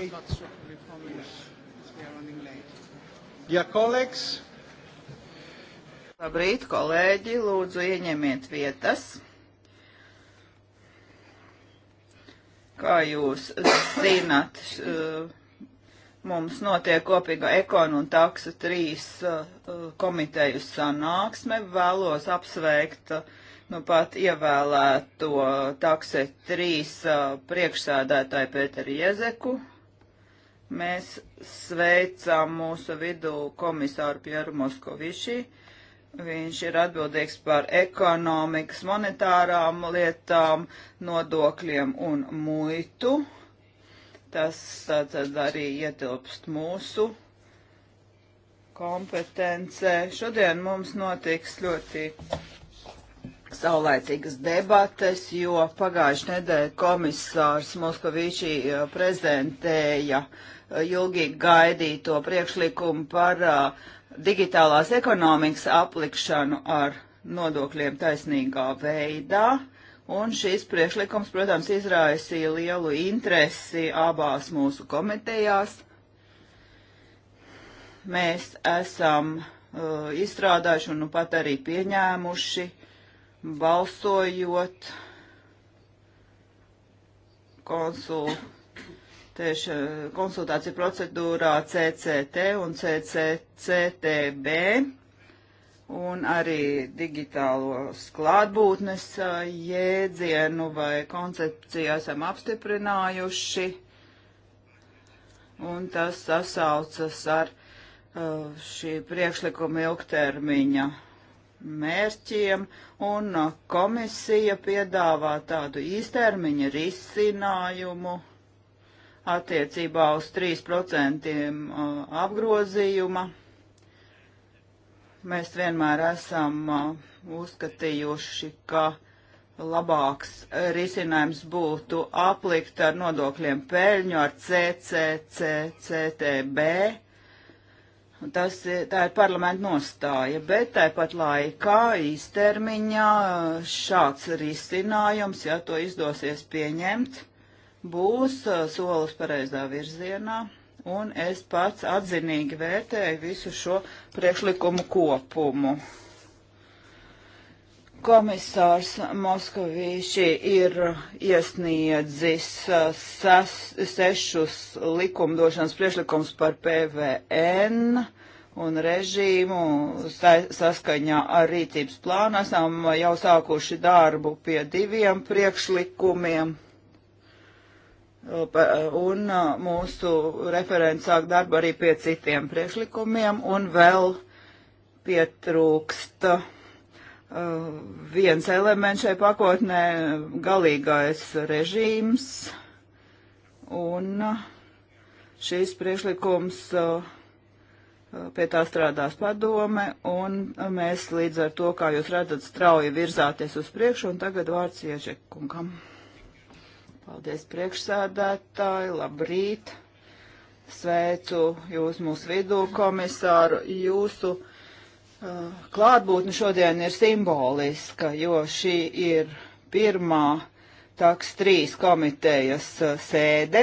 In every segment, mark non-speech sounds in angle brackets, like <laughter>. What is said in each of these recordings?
eight. Lots of reformers. We are running late. Dear colleagues. Labrīt, kolēģi, lūdzu ieņemiet vietas. Kā jūs zināt, uh, mums notiek kopīga ekonu un taksa trīs uh, uh, komiteju sanāksme. Vēlos apsveikt uh, nu pat ievēlēto takse trīs priekšsēdētāju Pēteru Jezeku Mēs sveicām mūsu vidū komisāru Pieru Moskovišī. Viņš ir atbildīgs par ekonomikas, monetārām lietām, nodokļiem un muitu. Tas tad arī ietilpst mūsu kompetencē. Šodien mums notiks ļoti saulēcīgas debates, jo pagājuši nedēļa komisārs Moskavīčī eh, prezentēja uh, ilgīgi gaidīto priekšlikumu par uh, digitālās ekonomikas aplikšanu ar nodokļiem taisnīgā veidā. Un šis priekšlikums, protams, izraisīja lielu interesi abās mūsu komitejās. Mēs esam uh, izstrādājuši un nu pat arī pieņēmuši, balsojot konsultāciju tieši eh, konsultāciju procedūrā CCT un CCCTB un arī digitālos klātbūtnes eh, jēdzienu vai koncepciju esam apstiprinājuši, un tas sasaucas ar eh, šī priekšlikuma ilgtermiņa mērķiem, un komisija piedāvā tādu īstermiņa risinājumu attiecībā uz 3% uh, apgrozījuma. Mēs vienmēr esam uh, uzskatījuši, ka labāks risinājums būtu aplikt ar nodokļiem peļņu, ar CCCTB. Tas, tā ir parlamenta nostāja, bet tāpat laikā īstermiņā uh, šāds risinājums, ja to izdosies pieņemt, uh, būs eh, solis pareizā virzienā, un es pats atzinīgi vērtēju visu šo priekšlikumu kopumu. Komisārs Moskavīši ir iesniedzis eh, ses, sešus likumdošanas priešlikums par PVN un režīmu sa, saskaņā ar rīcības plānu. Esam jau sākuši darbu pie diviem priekšlikumiem un mūsu referents sāk darbu arī pie citiem priekšlikumiem, un vēl pietrūkst uh, viens elements šai pakotnē - galīgais režīms, un šīs priekšlikums uh, pie tā strādās padome, un mēs līdz ar to, kā jūs redzat, strauji virzāties uz priekšu, un tagad vārds Iežekungam. Paldies priekšsēdētāji, labrīt! Sveicu jūs mūsu vidū, komisāru. Jūsu uh, klātbūtne šodien ir simboliska, jo šī ir pirmā taks trīs komitejas uh, sēde.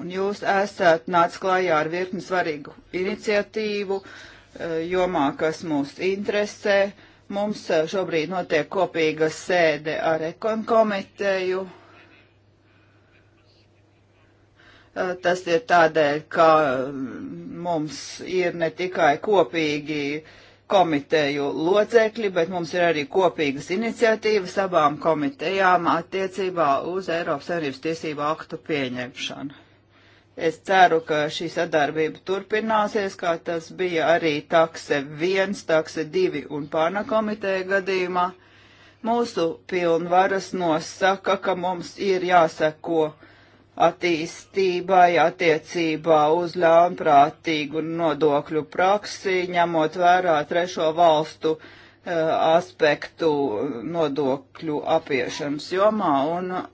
Un jūs esat nācis klājā ar virkni svarīgu iniciatīvu uh, jomā, kas mūs interesē. Uh, Mums eh, šobrīd notiek kopīga sēde ar ekonkomiteju. Eh, tas ir tādēļ, ka mm, mums ir ne tikai kopīgi komiteju locekļi, bet mums ir arī kopīgas iniciatīvas abām komitejām attiecībā uz Eiropas Savienības tiesību aktu pieņemšanu. Es ceru, ka šī sadarbība turpināsies, kā tas bija arī takse 1, takse 2 un pārna komiteja gadījumā. Mūsu pilnvaras nosaka, ka mums ir jāseko attīstībai attiecībā uz ļaunprātīgu nodokļu praksi, ņemot vērā trešo valstu uh, aspektu nodokļu apiešanas jomā un uh,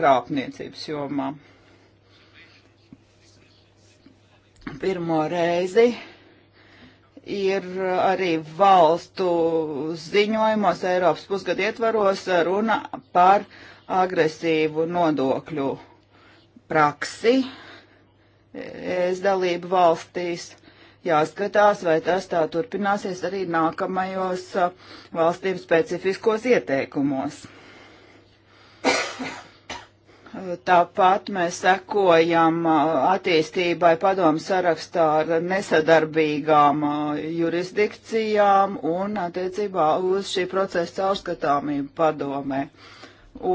krāpniecības jomā. pirmo reizi ir arī valstu ziņojumos Eiropas pusgadu ietvaros runa par agresīvu nodokļu praksi es dalību valstīs. Jāskatās, vai tas tā turpināsies arī nākamajos valstīm specifiskos ieteikumos. Tāpat mēs sekojam uh, attīstībai padomu sarakstā ar nesadarbīgām uh, jurisdikcijām un attiecībā uz šī procesa caurskatāmību padomē.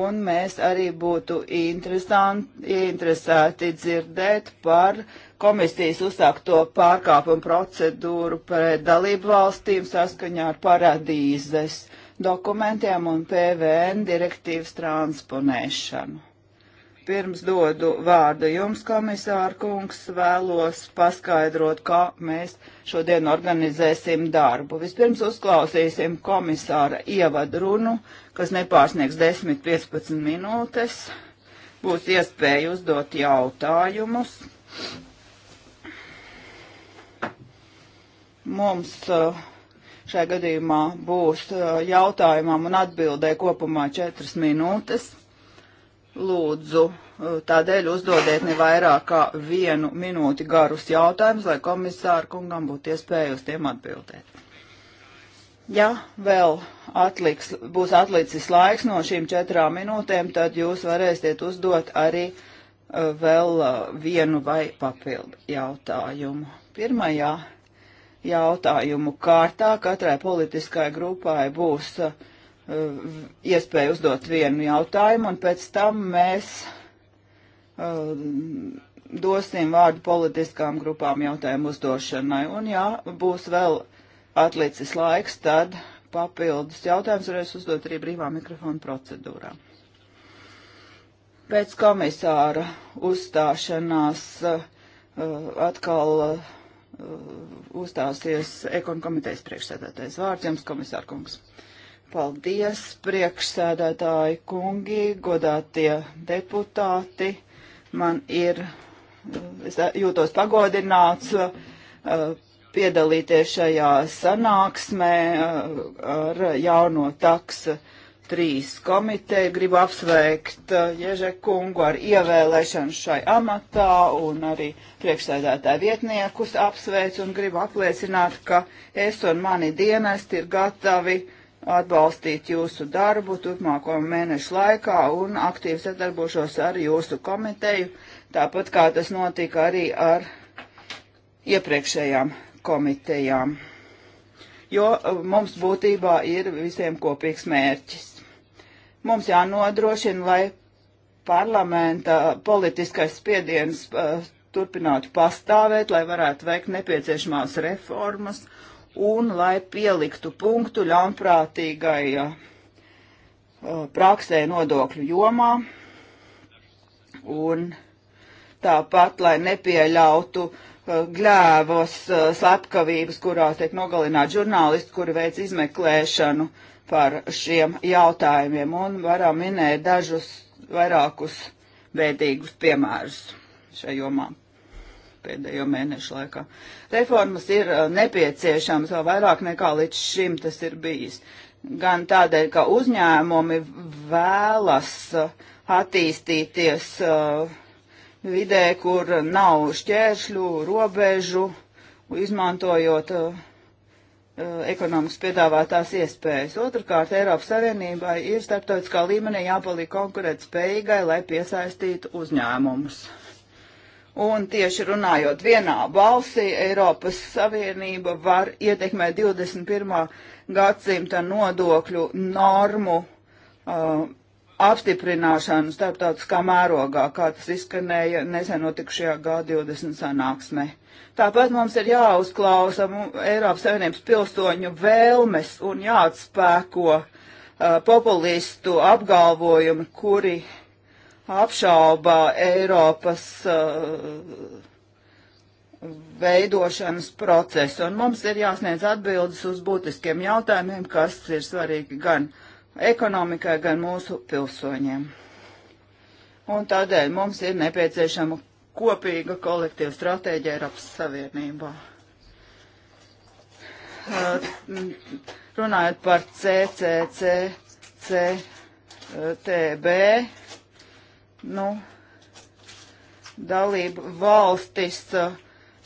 Un mēs arī būtu interesēti dzirdēt par komisijas uzsākto pārkāpumu procedūru pret dalību valstīm saskaņā ar paradīzes dokumentiem un PVN direktīvas transponēšanu. Pirms dodu vārdu jums, komisāra kungs, vēlos paskaidrot, kā mēs šodien organizēsim darbu. Vispirms uzklausīsim komisāra ievadrunu, kas nepārsniegs 10-15 minūtes. Būs iespēja uzdot jautājumus. Mums uh, šajā gadījumā būs uh, jautājumam un atbildē kopumā četras minūtes. Lūdzu, e, tādēļ uzdodiet ne vairāk kā vienu minūti garus jautājumus, lai komisāra kungam būtu iespēja uz tiem atbildēt. Ja vēl atliks, būs atlicis laiks no šīm četrām minūtēm, tad jūs varēsiet uzdot arī e, vēl e, vienu vai papildu jautājumu. Pirmajā jautājumu kārtā katrai politiskai grupai būs uh, Uh, iespēju uzdot vienu jautājumu, un pēc tam mēs uh, dosim vārdu politiskām grupām jautājumu uzdošanai. Un ja būs vēl atlicis laiks, tad papildus jautājums varēs uzdot arī brīvā mikrofona procedūrā. Pēc komisāra uzstāšanās uh, atkal uh, uzstāsies ekonomitejas priekšsēdētājs vārds jums, komisārkungs. kungs. Paldies, priekšsēdētāji kungi, godātie deputāti. Man ir, es jūtos pagodināts uh, piedalīties šajā sanāksmē uh, ar jauno taksa trīs komiteju. Gribu apsveikt uh, Ježe kungu ar ievēlēšanu šai amatā un arī priekšsēdētāju vietniekus apsveicu un gribu apliecināt, ka es un mani dienesti ir gatavi atbalstīt jūsu darbu turpmāko mēnešu laikā un aktīvi sadarbošos ar jūsu komiteju, tāpat kā tas notika arī ar iepriekšējām komitejām. Jo uh, mums būtībā ir visiem kopīgs mērķis. Mums jānodrošina, lai parlamenta politiskais spiediens uh, turpinātu pastāvēt, lai varētu veikt nepieciešamās reformas un lai pieliktu punktu ļaunprātīgai uh, praksē nodokļu jomā un tāpat, lai nepieļautu uh, gļēvos uh, slepkavības, kurās tiek nogalināti žurnālisti, kuri veic izmeklēšanu par šiem jautājumiem, un varam minēt dažus vairākus veidīgus piemērus šajomām pēdējo mēnešu laikā. Reformas ir uh, nepieciešamas vēl vairāk nekā līdz šim tas ir bijis. Gan tādēļ, ka uzņēmumi vēlas uh, attīstīties uh, vidē, kur nav šķēršļu, robežu, izmantojot ekonomikas piedāvātās iespējas. Otrakārt, Eiropas Savienībai ir starptautiskā līmenī jāpaliek konkurētspējīgai, lai piesaistītu uzņēmumus. Un tieši runājot vienā balsī, Eiropas Savienība var ietekmēt 21. gadsimta nodokļu normu uh, apstiprināšanu starptautiskā mērogā, kā tas izskanēja nesen notikušajā G20 sanāksmē. Tāpat mums ir jāuzklausa Eiropas Savienības pilsoņu vēlmes un jāatspēko uh, populistu apgalvojumi, kuri uh, apšaubā Eiropas uh, veidošanas procesu, un mums ir jāsniedz atbildes uz būtiskiem jautājumiem, kas ir svarīgi gan ekonomikai, gan mūsu pilsoņiem. Un tādēļ mums ir nepieciešama kopīga kolektīva stratēģija Eiropas Savienībā. Uh, runājot par CCCCTB, nu, dalību valstis uh,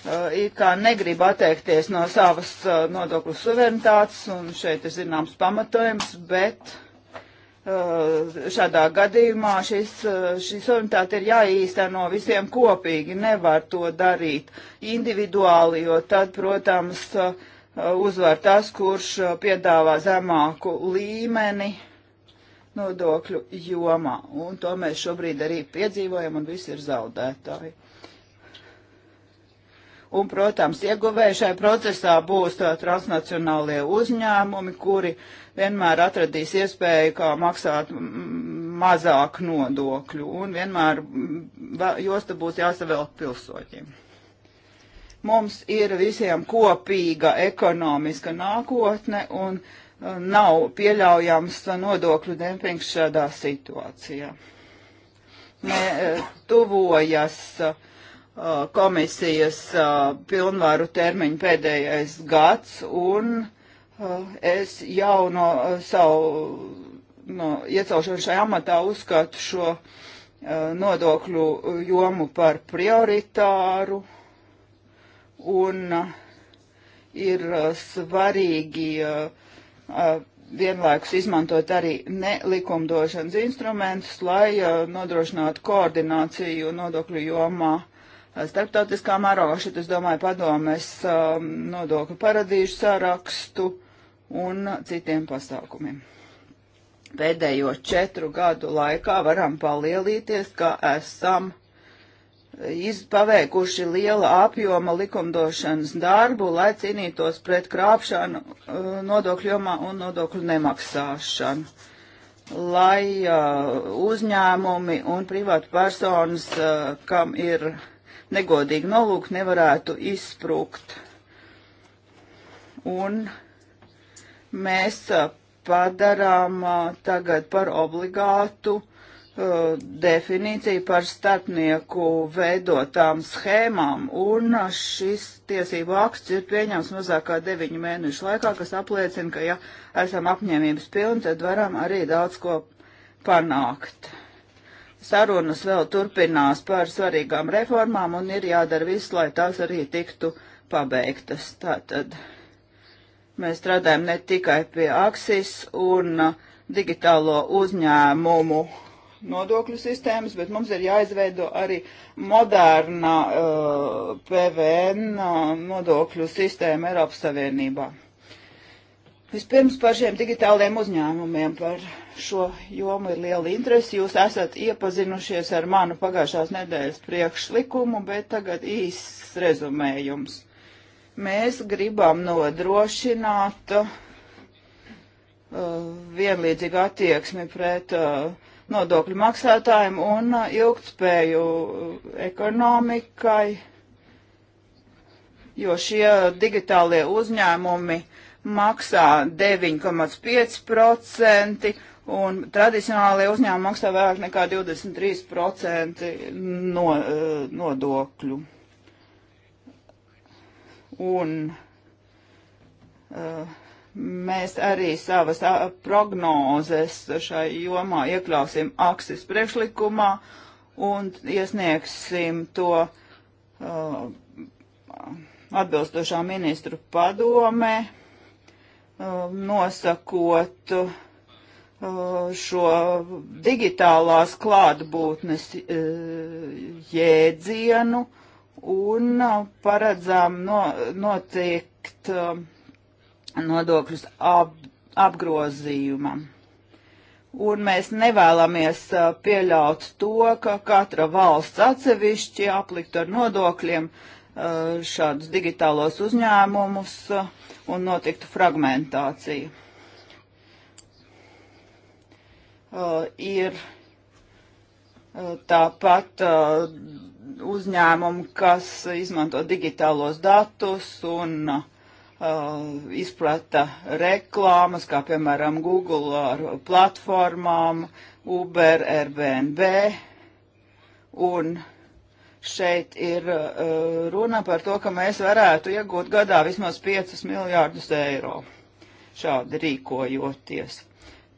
uh, it kā negrib atteikties no savas uh, nodokļu suverenitātes, un šeit ir zināms pamatojums, bet uh, šādā gadījumā šis, uh, šī suverenitāte ir jāīsteno visiem kopīgi, nevar to darīt individuāli, jo tad, protams, uh, uzvar tas, kurš piedāvā zemāku līmeni nodokļu jomā. Un to mēs šobrīd arī piedzīvojam, un visi ir zaudētāji. Un, protams, ieguvēji šai procesā būs tā, uh, transnacionālie uzņēmumi, kuri vienmēr atradīs iespēju, kā maksāt mazāk nodokļu, un vienmēr josta būs jāsavelk pilsoņiem. Mums ir visiem kopīga ekonomiska nākotne, un uh, nav pieļaujams nodokļu dempings šādā situācijā. Ne, tuvojas e, komisijas e, pilnvaru termiņu pēdējais gads, un e, es jau no savu no iecelšanu šajā amatā uzskatu šo nodokļu jomu par prioritāru, un ir svarīgi uh, vienlaikus izmantot arī nelikumdošanas instrumentus, lai nodrošinātu koordināciju nodokļu jomā starptautiskā mērogā. Šeit es domāju padomes nodokļu paradīžu sārakstu un citiem pasākumiem. Pēdējo četru gadu laikā varam palielīties, ka esam paveikuši liela apjoma likumdošanas darbu, lai cīnītos pret krāpšanu uh, nodokļu jomā un nodokļu nemaksāšanu, lai uh, uzņēmumi un privātu personas, uh, kam ir negodīgi nolūk, nevarētu izsprūkt. Un mēs uh, padarām uh, tagad par obligātu definīciju par starpnieku veidotām schēmām, un šis tiesību akts ir pieņems mazākā deviņu mēnešu laikā, kas apliecina, ka ja esam apņēmības pilni, tad varam arī daudz ko panākt. Sarunas vēl turpinās par svarīgām reformām, un ir jādara viss, lai tās arī tiktu pabeigtas. Tātad mēs strādājam ne tikai pie aksis un digitālo uzņēmumu nodokļu sistēmas, bet mums ir jāizveido arī moderna uh, PVN uh, nodokļu sistēma Eiropas Savienībā. Vispirms par šiem digitāliem uzņēmumiem, par šo jomu ir liela interese. Jūs esat iepazinušies ar manu pagājušās nedēļas priekšlikumu, bet tagad īsts rezumējums. Mēs gribam nodrošināt uh, vienlīdzīgu attieksmi pret uh, nodokļu maksātājiem un uh, ilgtspēju uh, ekonomikai, jo šie digitālie uzņēmumi maksā 9,5% un tradicionālajie uzņēmumi maksā vairāk nekā 23% no, uh, nodokļu. Un, uh, mēs arī savas prognozes šai jomā iekļausim aksis priekšlikumā un iesniegsim to uh, atbilstošā ministru padome, uh, nosakot uh, šo digitālās klātbūtnes e, jēdzienu un paredzām no, noteikt nodokļus ap, apgrozījumam. Un mēs nevēlamies uh, pieļaut to, ka katra valsts atsevišķi aplikt ar nodokļiem uh, šādus digitālos uzņēmumus uh, un notiktu fragmentācija. Ir tāpat uzņēmumi, kas izmanto digitālos datus un uh, uh, izplata reklāmas, kā piemēram Google ar platformām, Uber, Airbnb. Un šeit ir uh, runa par to, ka mēs varētu iegūt gadā vismaz 5 miljārdus eiro šādi rīkojoties.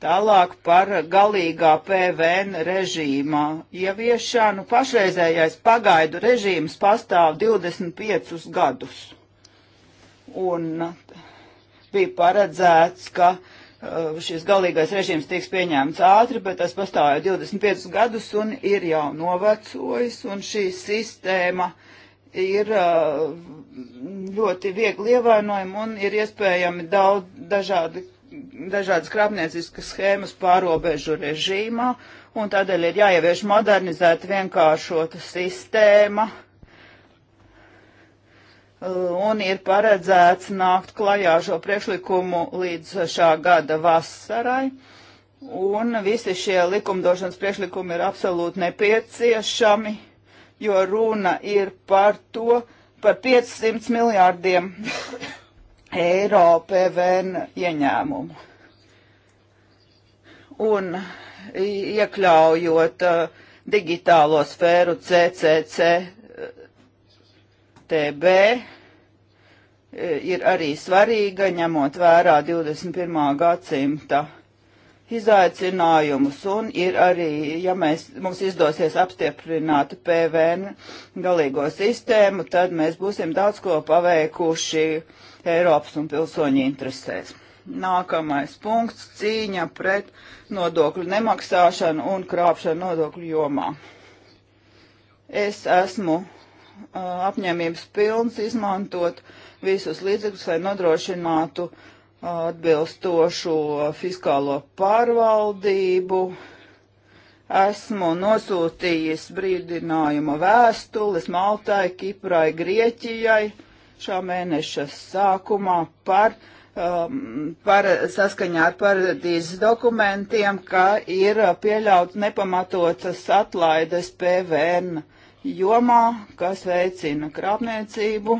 Tālāk par galīgā PVN režīmā ieviešanu pašreizējais pagaidu režīms pastāv 25 gadus un bija paredzēts, ka uh, šis galīgais režīms tiks pieņemts ātri, bet tas pastāv jau 25 gadus un ir jau novecojis, un šī sistēma ir uh, ļoti viegli ievainojama un ir iespējami daudz dažādi, dažādas krāpnieciskas schēmas pārobežu režīmā, un tādēļ ir jāievieš modernizēta vienkāršota sistēma un ir paredzēts nākt klajā šo priekšlikumu līdz šā gada vasarai. Un visi šie likumdošanas priekšlikumi ir absolūti nepieciešami, jo runa ir par to, par 500 miljārdiem eiro PVN ieņēmumu. Un iekļaujot uh, digitālo sfēru CCC ECTB e, ir arī svarīga, ņemot vērā 21. gadsimta izaicinājumus, un ir arī, ja mēs, mums izdosies apstiprināt PVN galīgo sistēmu, tad mēs būsim daudz ko paveikuši Eiropas un pilsoņu interesēs. Nākamais punkts - cīņa pret nodokļu nemaksāšanu un krāpšanu nodokļu jomā. Es esmu apņēmības pilns izmantot visus līdzekļus, lai nodrošinātu atbilstošu fiskālo pārvaldību. Esmu nosūtījis brīdinājuma vēstules Maltai, Kiprai, Grieķijai šā mēneša sākumā par um, par, saskaņā ar paradīzes dokumentiem, ka ir pieļauts nepamatotas atlaides PVN uh, jomā, kas veicina krāpniecību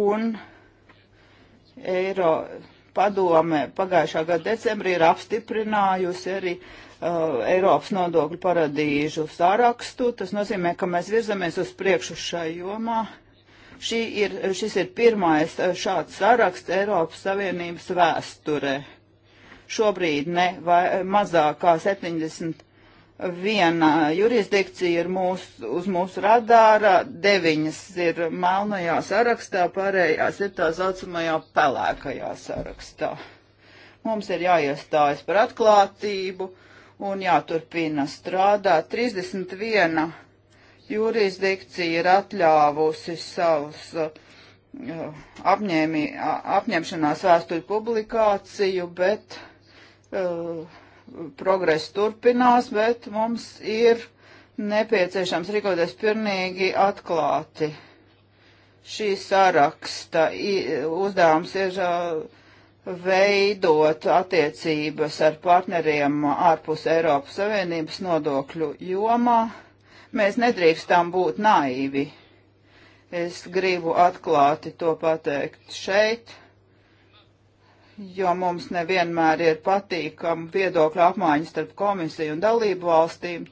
un Eiro padome pagājušā gada decembrī ir apstiprinājusi arī uh, Eiropas nodokļu paradīžu sārakstu. Tas nozīmē, ka mēs virzamies uz priekšu šai jomā. Šī ir, šis ir pirmais uh, šāds saraksts Eiropas Savienības vēsturē. Šobrīd ne vai mazāk kā 70 Viena jurisdikcija ir mūs, uz mūsu radāra, deviņas ir melnajā sarakstā, pārējās ir tā saucamajā pelēkajā sarakstā. Mums ir jāiestājas par atklātību un jāturpina strādāt. 31 jurisdikcija ir atļāvusi savus uh, apņēmi, apņemšanās vēstuļu publikāciju, bet. Uh, progress turpinās, bet mums ir nepieciešams rīkoties pilnīgi atklāti. Šī saraksta uzdevums ir veidot attiecības ar partneriem ārpus Eiropas Savienības nodokļu jomā. Mēs nedrīkstam būt naivi. Es gribu atklāti to pateikt šeit jo mums nevienmēr ir patīkama viedokļa apmaiņa starp komisiju un dalību valstīm.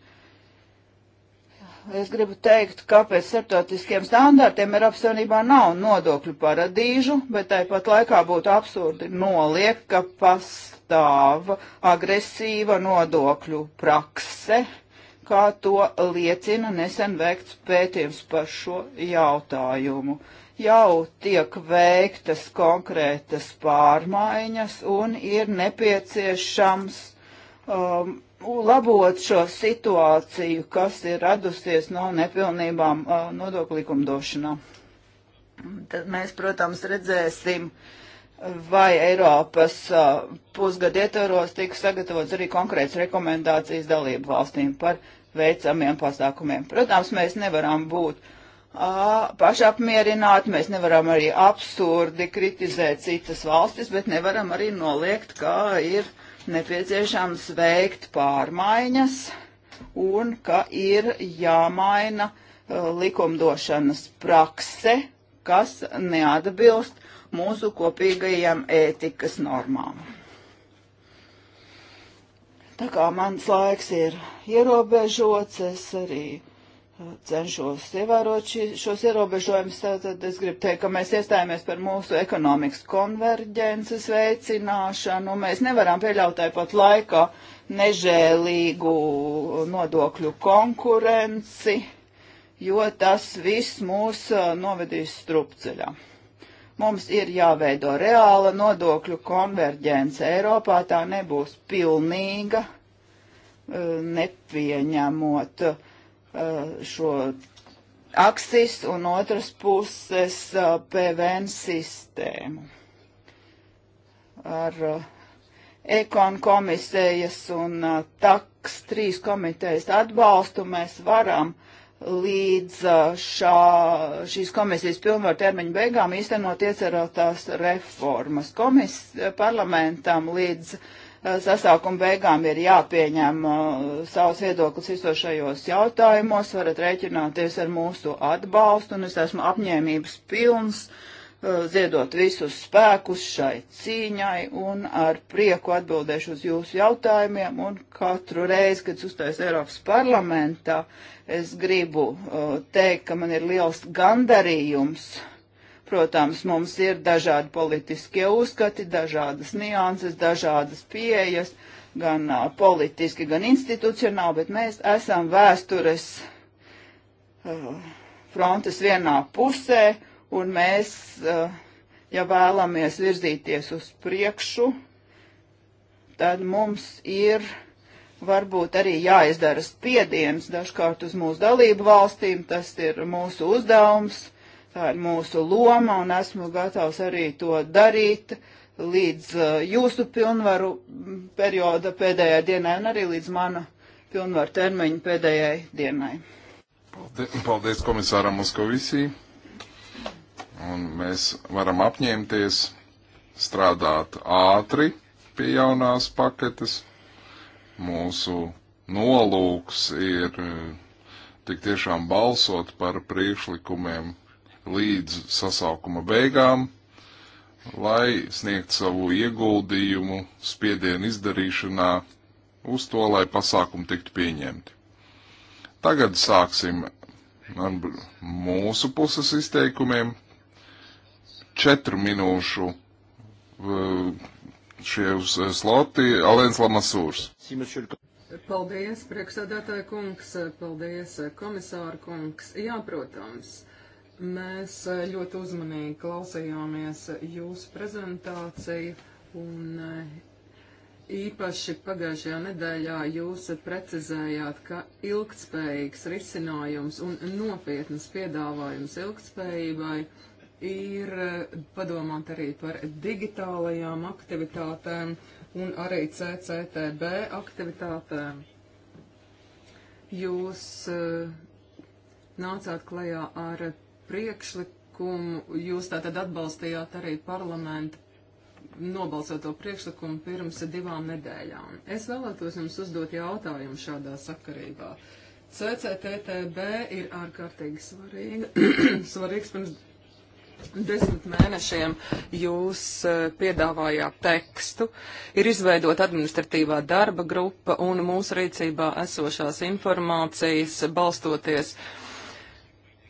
Es gribu teikt, ka pēc starptautiskiem standārtiem Eiropas Savienībā nav nodokļu paradīžu, bet tāpat laikā būtu absurdi noliegt, ka pastāv agresīva nodokļu prakse, kā to liecina nesen veikts pētījums par šo jautājumu. Uh, jau tiek veiktas konkrētas pārmaiņas un ir nepieciešams um, labot šo situāciju, kas ir radusies no nepilnībām uh, nodokļu likumdošanā. Tad mēs, protams, redzēsim, vai Eiropas uh, pusgadu ietvaros tiks sagatavots arī konkrēts rekomendācijas dalību valstīm par veicamiem pasākumiem. Protams, mēs nevaram būt uh, pašapmierināti, mēs nevaram arī absurdi kritizēt citas valstis, bet nevaram arī noliegt, ka ir nepieciešams veikt pārmaiņas un ka ir jāmaina uh, likumdošanas prakse, kas neatbilst mūsu kopīgajām ētikas normām. Tā kā mans laiks ir ierobežots, es arī cenšos ievērot šī, šos ierobežojumus, tad es gribu teikt, ka mēs iestājāmies par mūsu ekonomikas konverģences veicināšanu. Mēs nevaram pieļaut tāpat laikā nežēlīgu nodokļu konkurenci, jo tas viss mūs uh, novedīs strupceļā. Mums ir jāveido reāla nodokļu konverģence Eiropā, tā nebūs pilnīga, uh, nepieņemot uh, Eh, šo aksis un otras puses eh, PVN sistēmu. Ar eh, ekon komisējas un taks trīs komitejas atbalstu mēs varam līdz šā, šīs komisijas pilnvaru termiņu beigām īstenot iecerotās reformas. Komis parlamentam līdz uh, Eh, sasaukuma beigām ir jāpieņem uh, eh, savs viedoklis visos šajos jautājumos, varat rēķināties ar mūsu atbalstu, un es esmu apņēmības pilns uh, ziedot visus spēkus šai cīņai, un ar prieku atbildēšu uz jūsu jautājumiem, un katru reizi, kad uztais Eiropas parlamentā, es gribu uh, teikt, ka man ir liels gandarījums Protams, mums ir dažādi politiskie uzskati, dažādas nianses, dažādas pieejas, gan uh, politiski, gan institucionāli, bet mēs esam vēstures uh, frontes vienā pusē, un mēs, uh, ja vēlamies virzīties uz priekšu, tad mums ir varbūt arī jāizdara spiediens dažkārt uz mūsu dalību valstīm, tas ir mūsu uzdevums Tā ir mūsu loma un esmu gatavs arī to darīt līdz uh, jūsu pilnvaru mm, perioda pēdējai dienai un arī līdz mana pilnvaru termiņa pēdējai dienai. Paldies, paldies komisāram Moskovisī. Un mēs varam apņemties strādāt ātri pie jaunās paketes. Mūsu nolūks ir uh, tik tiešām balsot par priekšlikumiem līdz sasaukuma beigām, lai sniegtu savu ieguldījumu spiedienu izdarīšanā uz to, lai pasākumi tiktu pieņemti. Tagad sāksim ar mūsu puses izteikumiem. Četru minūšu eh, šie sloti Alēns Lamasūrs. Paldies, priekšsēdētāja kungs, paldies, komisāra kungs. Jā, protams. Mēs eh, ļoti uzmanīgi klausījāmies jūsu prezentāciju un eh, īpaši pagājušajā nedēļā jūs precizējāt, ka ilgtspējīgs risinājums un nopietnas piedāvājums ilgtspējībai ir eh, padomāt arī par digitālajām aktivitātēm un arī CCTB aktivitātēm. Jūs nācāt klajā ar priekšlikumu jūs tātad atbalstījāt arī parlamenta nobalsot to priekšlikumu pirms divām nedēļām. Es vēlētos jums uzdot jautājumu šādā sakarībā. CCTTB ir ārkārtīgi svarīga, <clears throat> svarīgs pirms desmit mēnešiem jūs eh, piedāvājāt tekstu, ir izveidot administratīvā darba grupa un mūsu rīcībā esošās informācijas balstoties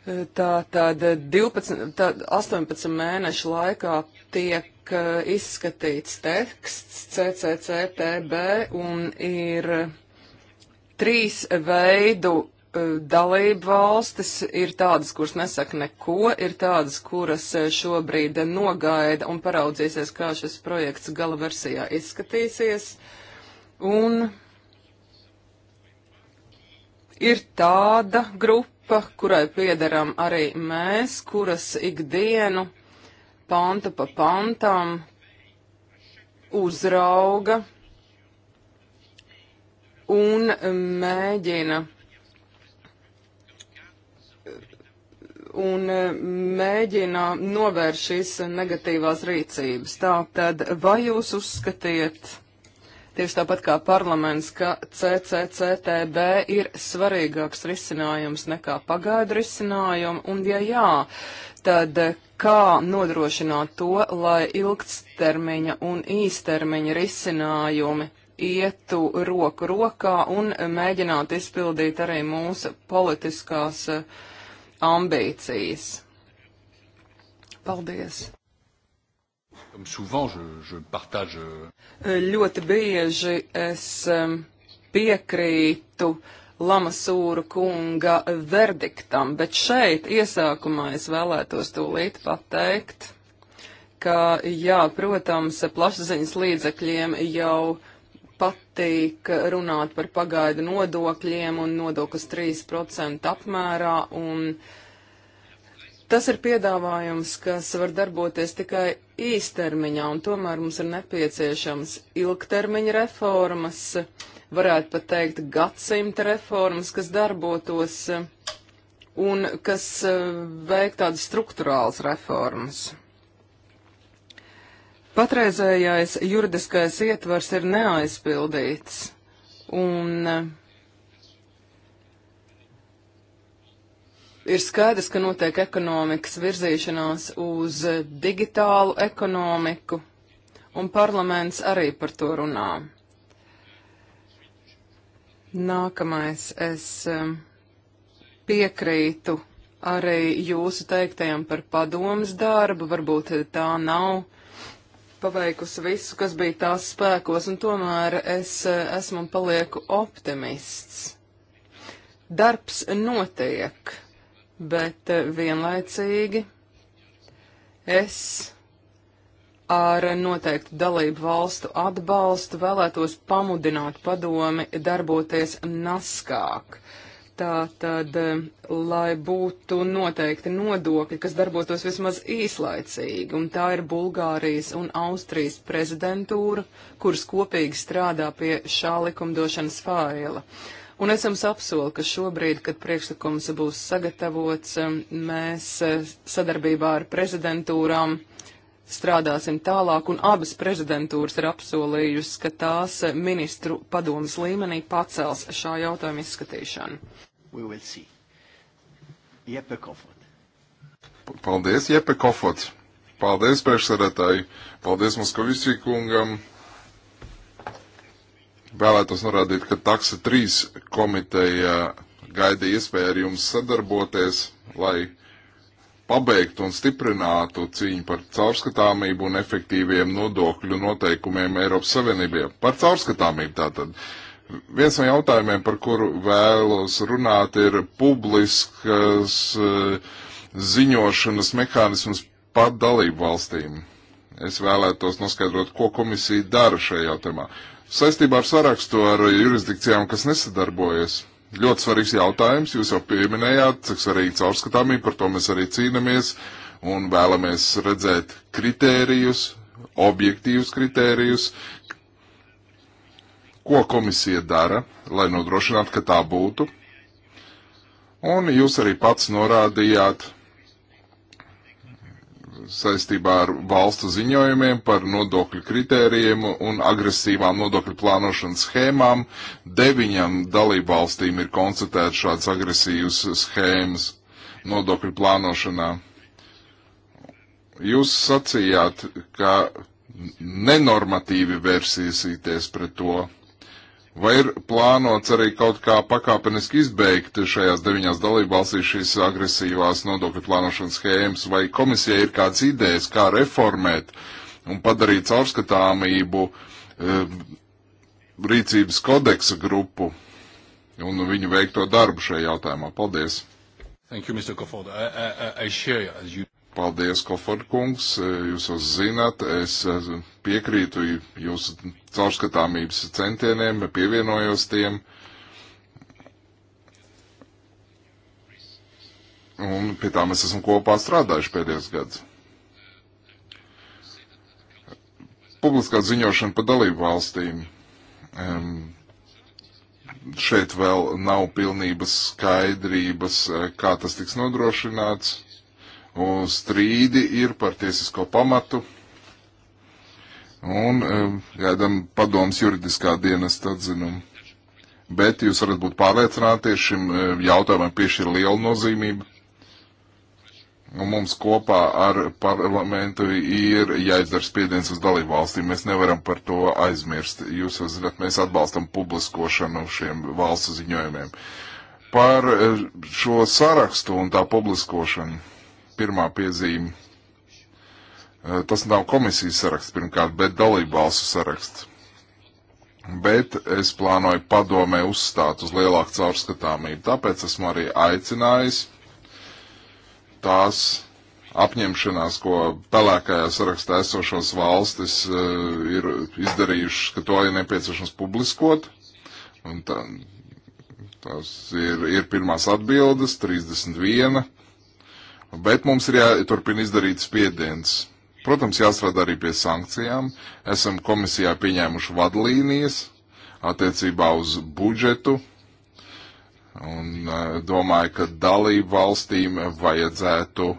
Tā tad 12, tā 18 mēnešu laikā tiek eh, izskatīts teksts CCCTB un ir trīs veidu eh, dalību valstis. Ir tādas, kuras nesaka neko, ir tādas, kuras eh, šobrīd nogaida un paraudzīsies, kā šis projekts gala versijā izskatīsies. Un ir tāda grupa grupa, kurai piederam arī mēs, kuras ikdienu panta pa pantam uzrauga un mēģina un mēģina novērst šīs negatīvās rīcības. Tā tad, vai jūs uzskatiet, tieši tāpat kā parlaments, ka CCCTB ir svarīgāks risinājums nekā pagaidu risinājumu, un ja jā, tad kā nodrošināt to, lai ilgstermiņa un īstermiņa risinājumi ietu roku rokā un mēģinātu izpildīt arī mūsu politiskās eh, ambīcijas. Paldies! souvent, je, je partage... Euh, euh, ļoti bieži es um, piekrītu Lamasūra kunga verdiktam, bet šeit iesākumā es vēlētos tūlīt pateikt, ka, jā, protams, plašsaziņas līdzekļiem jau patīk runāt par pagaidu nodokļiem un nodokus 3% apmērā, un uh, Tas ir piedāvājums, kas var darboties tikai īstermiņā, un tomēr mums ir nepieciešams ilgtermiņa reformas, varētu pat teikt gadsimta reformas, kas darbotos un kas eh, veik tādas struktūrāls reformas. Patreizējais juridiskais ietvars ir neaizpildīts, un eh, Ir skaidrs, ka notiek ekonomikas virzīšanās uz digitālu ekonomiku, un parlaments arī par to runā. Nākamais es um, piekrītu arī jūsu teiktajam par padomas darbu, varbūt tā nav paveikusi visu, kas bija tās spēkos, un tomēr es uh, esmu un palieku optimists. Darbs notiek, bet eh, vienlaicīgi es ar noteiktu dalību valstu atbalstu vēlētos pamudināt padomi darboties naskāk. Tā tad, eh, lai būtu noteikti nodokļi, kas darbotos vismaz īslaicīgi, un tā ir Bulgārijas un Austrijas prezidentūra, kuras kopīgi strādā pie šā likumdošanas faila. Uh, Un es jums apsolu, ka šobrīd, kad priekšlikums būs sagatavots, mēs eh, sadarbībā ar prezidentūrām strādāsim tālāk, un abas prezidentūras ir apsolījusi, ka tās ministru padomas līmenī pacels šā jautājuma izskatīšanu. Jepe Paldies, Jepe Kofots! Paldies, priekšsēdētāji! Paldies Moskavisī kungam! Vēlētos norādīt, ka taksa 3 komiteja gaida iespēju ar jums sadarboties, lai pabeigtu un stiprinātu cīņu par caurskatāmību un efektīviem nodokļu noteikumiem Eiropas Savienībā. Par caurskatāmību tātad. Viens no jautājumiem, par kuru vēlos runāt, ir publiskas eh, ziņošanas mehānisms pat dalību valstīm. Es vēlētos noskaidrot, ko komisija dara šajā jautājumā. Saistībā ar sarakstu ar jurisdikcijām, kas nesadarbojas, ļoti svarīgs jautājums. Jūs jau pieminējāt, cik svarīgi caurskatāmība, par to mēs arī cīnāmies un vēlamies redzēt kritērijus, objektīvus kritērijus, ko komisija dara, lai nodrošinātu, ka tā būtu. Un jūs arī pats norādījāt, saistībā ar valstu ziņojumiem par nodokļu kritērijiem un agresīvām nodokļu plānošanas schēmām. Deviņam dalību valstīm ir konstatēts šāds agresīvs schēmas nodokļu plānošanā. Jūs sacījāt, ka nenormatīvi vērsīsieties pret to. Vai ir plānots arī kaut kā pakāpeniski izbeigt šajās deviņās dalībvalstīs šīs agresīvās nodokļu plānošanas schēmas, vai komisija ir kādas idejas, kā reformēt un padarīt caurskatāmību e, rīcības kodeksa grupu un viņu veikto darbu šajā jautājumā? Paldies! Thank you, Mr. Kofod. I, I, I share as you. Paldies, Koforkungs. Jūs jau zināt, es piekrītu jūsu caurskatāmības centieniem, pievienojos tiem. Un pie tā mēs esam kopā strādājuši pēdējos gadus. Publiskā ziņošana pa dalību valstīm. Um, šeit vēl nav pilnības skaidrības, kā tas tiks nodrošināts strīdi ir par tiesisko pamatu. Un gaidām padoms juridiskā dienas atzinumu. Bet jūs varat būt pārliecināties, šim jautājumam piešķir liela nozīmība. Un mums kopā ar parlamentu ir jāizdara spiediens uz dalību valstīm. Mēs nevaram par to aizmirst. Jūs jau zināt, mēs atbalstam publiskošanu šiem valsts ziņojumiem. Par eh, šo sarakstu un tā publiskošanu pirmā piezīme. Eh, tas nav komisijas saraksts pirmkārt, bet dalību valstu saraksts. Bet es plānoju padomē uzstāt uz lielāku caurskatāmību, tāpēc esmu arī aicinājis tās apņemšanās, ko pelēkajā sarakstā esošos valstis uh, ir izdarījušas, ka to ir nepieciešams publiskot. Un tā, tās ir, ir pirmās atbildes, 31. Bet mums ir jāturpina izdarīt spiediens. Protams, jāstrādā arī pie sankcijām. Esam komisijā pieņēmuši vadlīnijas attiecībā uz budžetu. Un e, domāju, ka dalību valstīm vajadzētu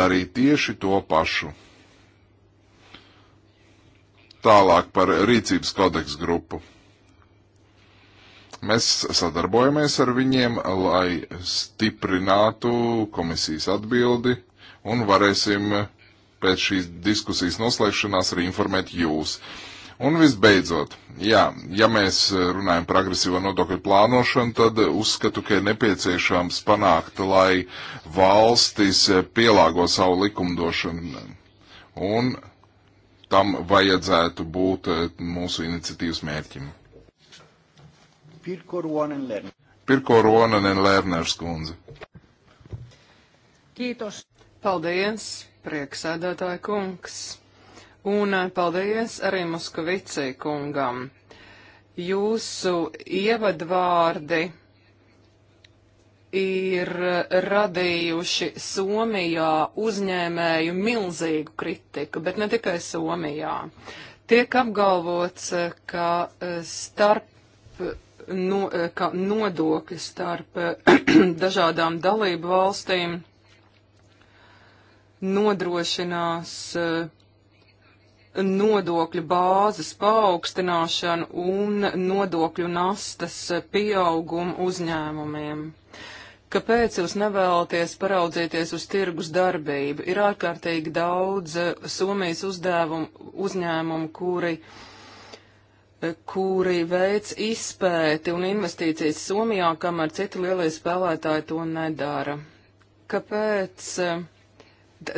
darīt tieši to pašu. Tālāk par rīcības kodeksu grupu. Mēs sadarbojamies ar viņiem, lai stiprinātu komisijas atbildi un varēsim pēc šīs diskusijas noslēgšanās arī informēt jūs. Un visbeidzot, jā, ja mēs runājam par agresīvo nodokļu plānošanu, tad uzskatu, ka ir nepieciešams panākt, lai valstis pielāgo savu likumdošanu. Un tam vajadzētu būt mūsu iniciatīvas mērķim. Pirko Ruonen Lerner. Pirko Ruonen Lerners kundze. Kītos. Paldies, prieksēdētāja kungs. Un eh, paldies arī Moskavicī kungam. Jūsu ievadvārdi ir eh, radījuši Somijā uzņēmēju milzīgu kritiku, bet ne tikai Somijā. Tiek apgalvots, eh, ka starp no, eh, ka nodokļi starp eh, <clears throat> dažādām dalību valstīm nodrošinās eh, nodokļu bāzes paaugstināšanu un nodokļu nastas pieaugumu uzņēmumiem. Kāpēc jūs nevēlaties paraudzīties uz tirgus darbību? Ir ārkārtīgi daudz Somijas uzdēvumu uzņēmumu, kuri uh, kuri veic izpēti un investīcijas Somijā, kamēr citi lielie spēlētāji to nedara. Kāpēc?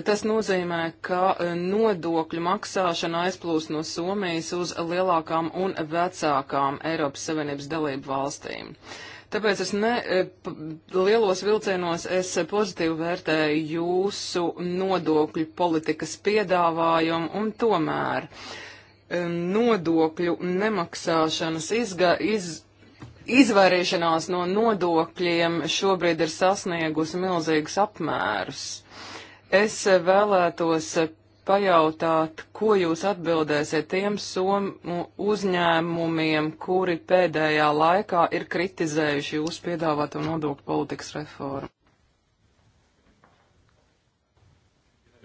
Tas nozīmē, ka e, nodokļu maksāšana aizplūst no Somijas uz lielākām un vecākām Eiropas Savienības dalību valstīm. Tāpēc es ne, e, lielos vilcienos es pozitīvi vērtēju jūsu nodokļu politikas piedāvājumu un tomēr. Uh, nodokļu nemaksāšanas izga, iz, izvairīšanās no nodokļiem šobrīd ir sasniegusi milzīgus apmērus. Es vēlētos pajautāt, ko jūs atbildēsiet tiem somu uzņēmumiem, kuri pēdējā laikā ir kritizējuši jūsu piedāvāto nodokļu politikas reformu.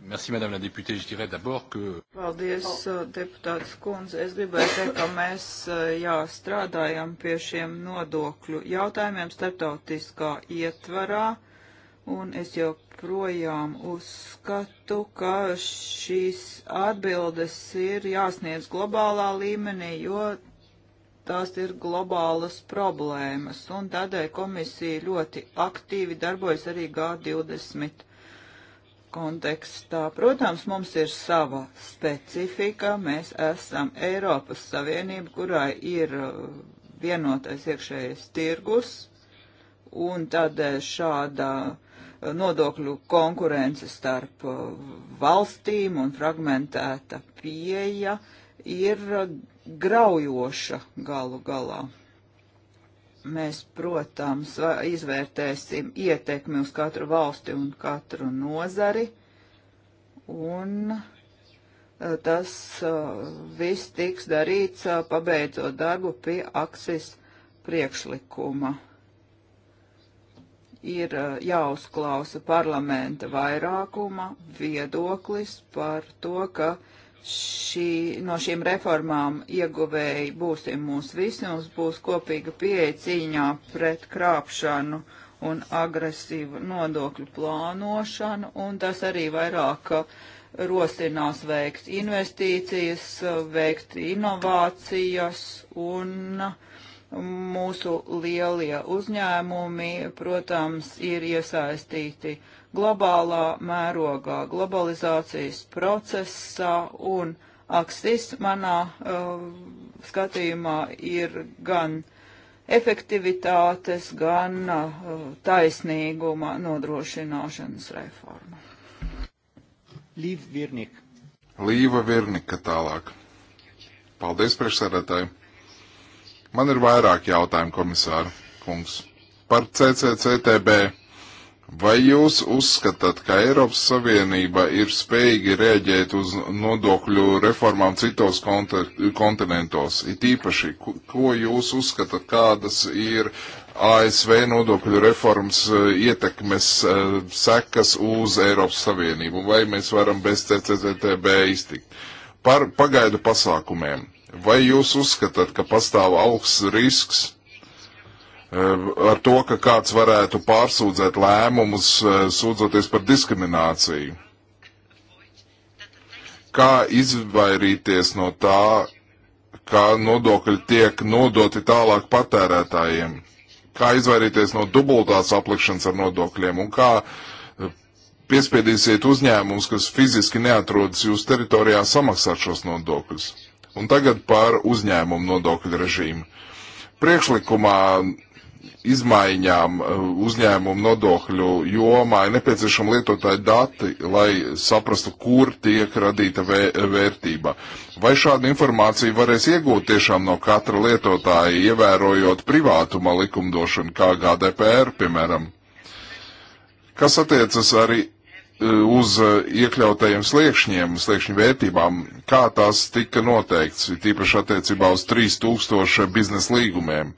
Merci, madame la députée. Je dirais d'abord que... Paldies, uh, deputāts kundze. Es gribēju teikt, ka mēs uh, jā, strādājam pie šiem nodokļu jautājumiem starptautiskā ietvarā, un es joprojām uzskatu, ka šīs atbildes ir jāsniedz globālā līmenī, jo tās ir globālas problēmas, un tādēļ komisija ļoti aktīvi darbojas arī G20 kontekstā. Protams, mums ir sava specifika, mēs esam Eiropas Savienība, kurai ir uh, vienotais iekšējais tirgus, un tādēļ uh, šāda uh, nodokļu konkurence starp valstīm un fragmentēta pieeja ir graujoša galu galā mēs, protams, izvērtēsim ietekmi uz katru valsti un katru nozari, un eh, tas eh, viss tiks darīts, eh, pabeidzot darbu pie aksis priekšlikuma. Ir jāuzklausa parlamenta vairākuma viedoklis par to, ka uh, šī, no šīm reformām ieguvēji būsim mūs visi, mums būs kopīga pieeja cīņā pret krāpšanu un agresīvu nodokļu plānošanu, un tas arī vairāk uh, rosinās veikt investīcijas, uh, veikt inovācijas un uh, mūsu lielie uzņēmumi, protams, ir iesaistīti globālā mērogā, globalizācijas procesā un akstis manā uh, skatījumā ir gan efektivitātes, gan uh, taisnīguma nodrošināšanas reforma. Līva Virnika. Līva Virnika tālāk. Paldies priekšsēdētāji. Man ir vairāk jautājumu, komisāra kungs, par CCCTB Vai jūs uzskatāt, ka Eiropas Savienība ir spējīga rēģēt uz nodokļu reformām citos kontinentos? It īpaši, ko jūs uzskatāt, kādas ir ASV nodokļu reformas eh, ietekmes eh, sekas uz Eiropas Savienību? Vai mēs varam bez CCTB iztikt? Par pagaidu pasākumiem. Vai jūs uzskatāt, ka pastāv augsts risks Eh, ar to, ka kāds varētu pārsūdzēt lēmumus, eh, sūdzoties par diskrimināciju. Kā izvairīties no tā, kā nodokļi tiek nodoti tālāk patērētājiem? Kā izvairīties no dubultās aplikšanas ar nodokļiem? Un kā eh, piespiedīsiet uzņēmumus, kas fiziski neatrodas jūsu teritorijā, samaksāt šos nodokļus? Un tagad par uzņēmumu nodokļu režīmu. Priekšlikumā izmaiņām eh, uzņēmumu nodokļu jomā ir nepieciešama lietotāja dati, lai saprastu, kur tiek radīta vērtība. Vai šādu informāciju varēs iegūt tiešām no katra lietotāja, ievērojot privātuma likumdošanu, kā GDPR, piemēram? Kas attiecas arī Eh, uz eh, iekļautajiem sliekšņiem, sliekšņu vērtībām, kā tās tika noteikts, tīpaši attiecībā uz 3000 biznesa līgumiem.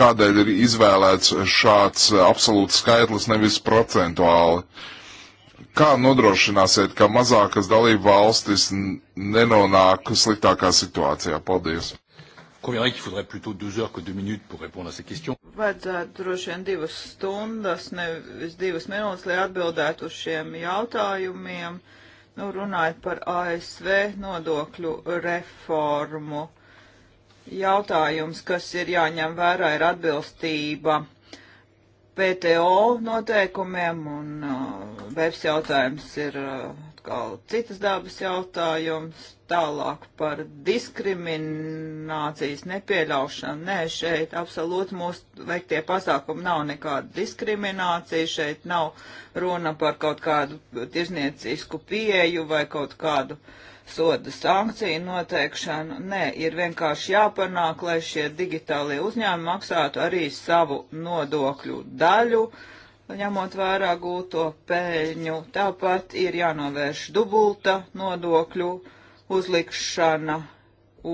Kādēļ ir izvēlēts šāds absolūts skaitlis, nevis procentuāli? Kā nodrošināsiet, ka mazākas dalību valstis nenonāk sliktākā situācijā? Paldies! conviendrez qu'il faudrait plutôt deux heures que deux minutes pour répondre à ces questions. Vajadzētu droši vien divas stundas, nevis divas minūtes, lai atbildētu uz šiem jautājumiem. Nu, runājot par ASV nodokļu reformu, jautājums, kas ir jāņem vērā, ir atbilstība PTO noteikumiem, un uh, BEPS jautājums ir uh, atkal citas dabas jautājums, tālāk par diskriminācijas nepieļaušanu. Nē, šeit absolūti mūsu veiktie pasākumi nav nekāda diskriminācija, šeit nav runa par kaut kādu tirzniecisku pieeju vai kaut kādu soda sankciju noteikšanu. Nē, ir vienkārši jāpanāk, lai šie digitālie uzņēmumi maksātu arī savu nodokļu daļu ņemot vērā gūto peļņu. Tāpat ir jānovērš dubulta nodokļu uzlikšana,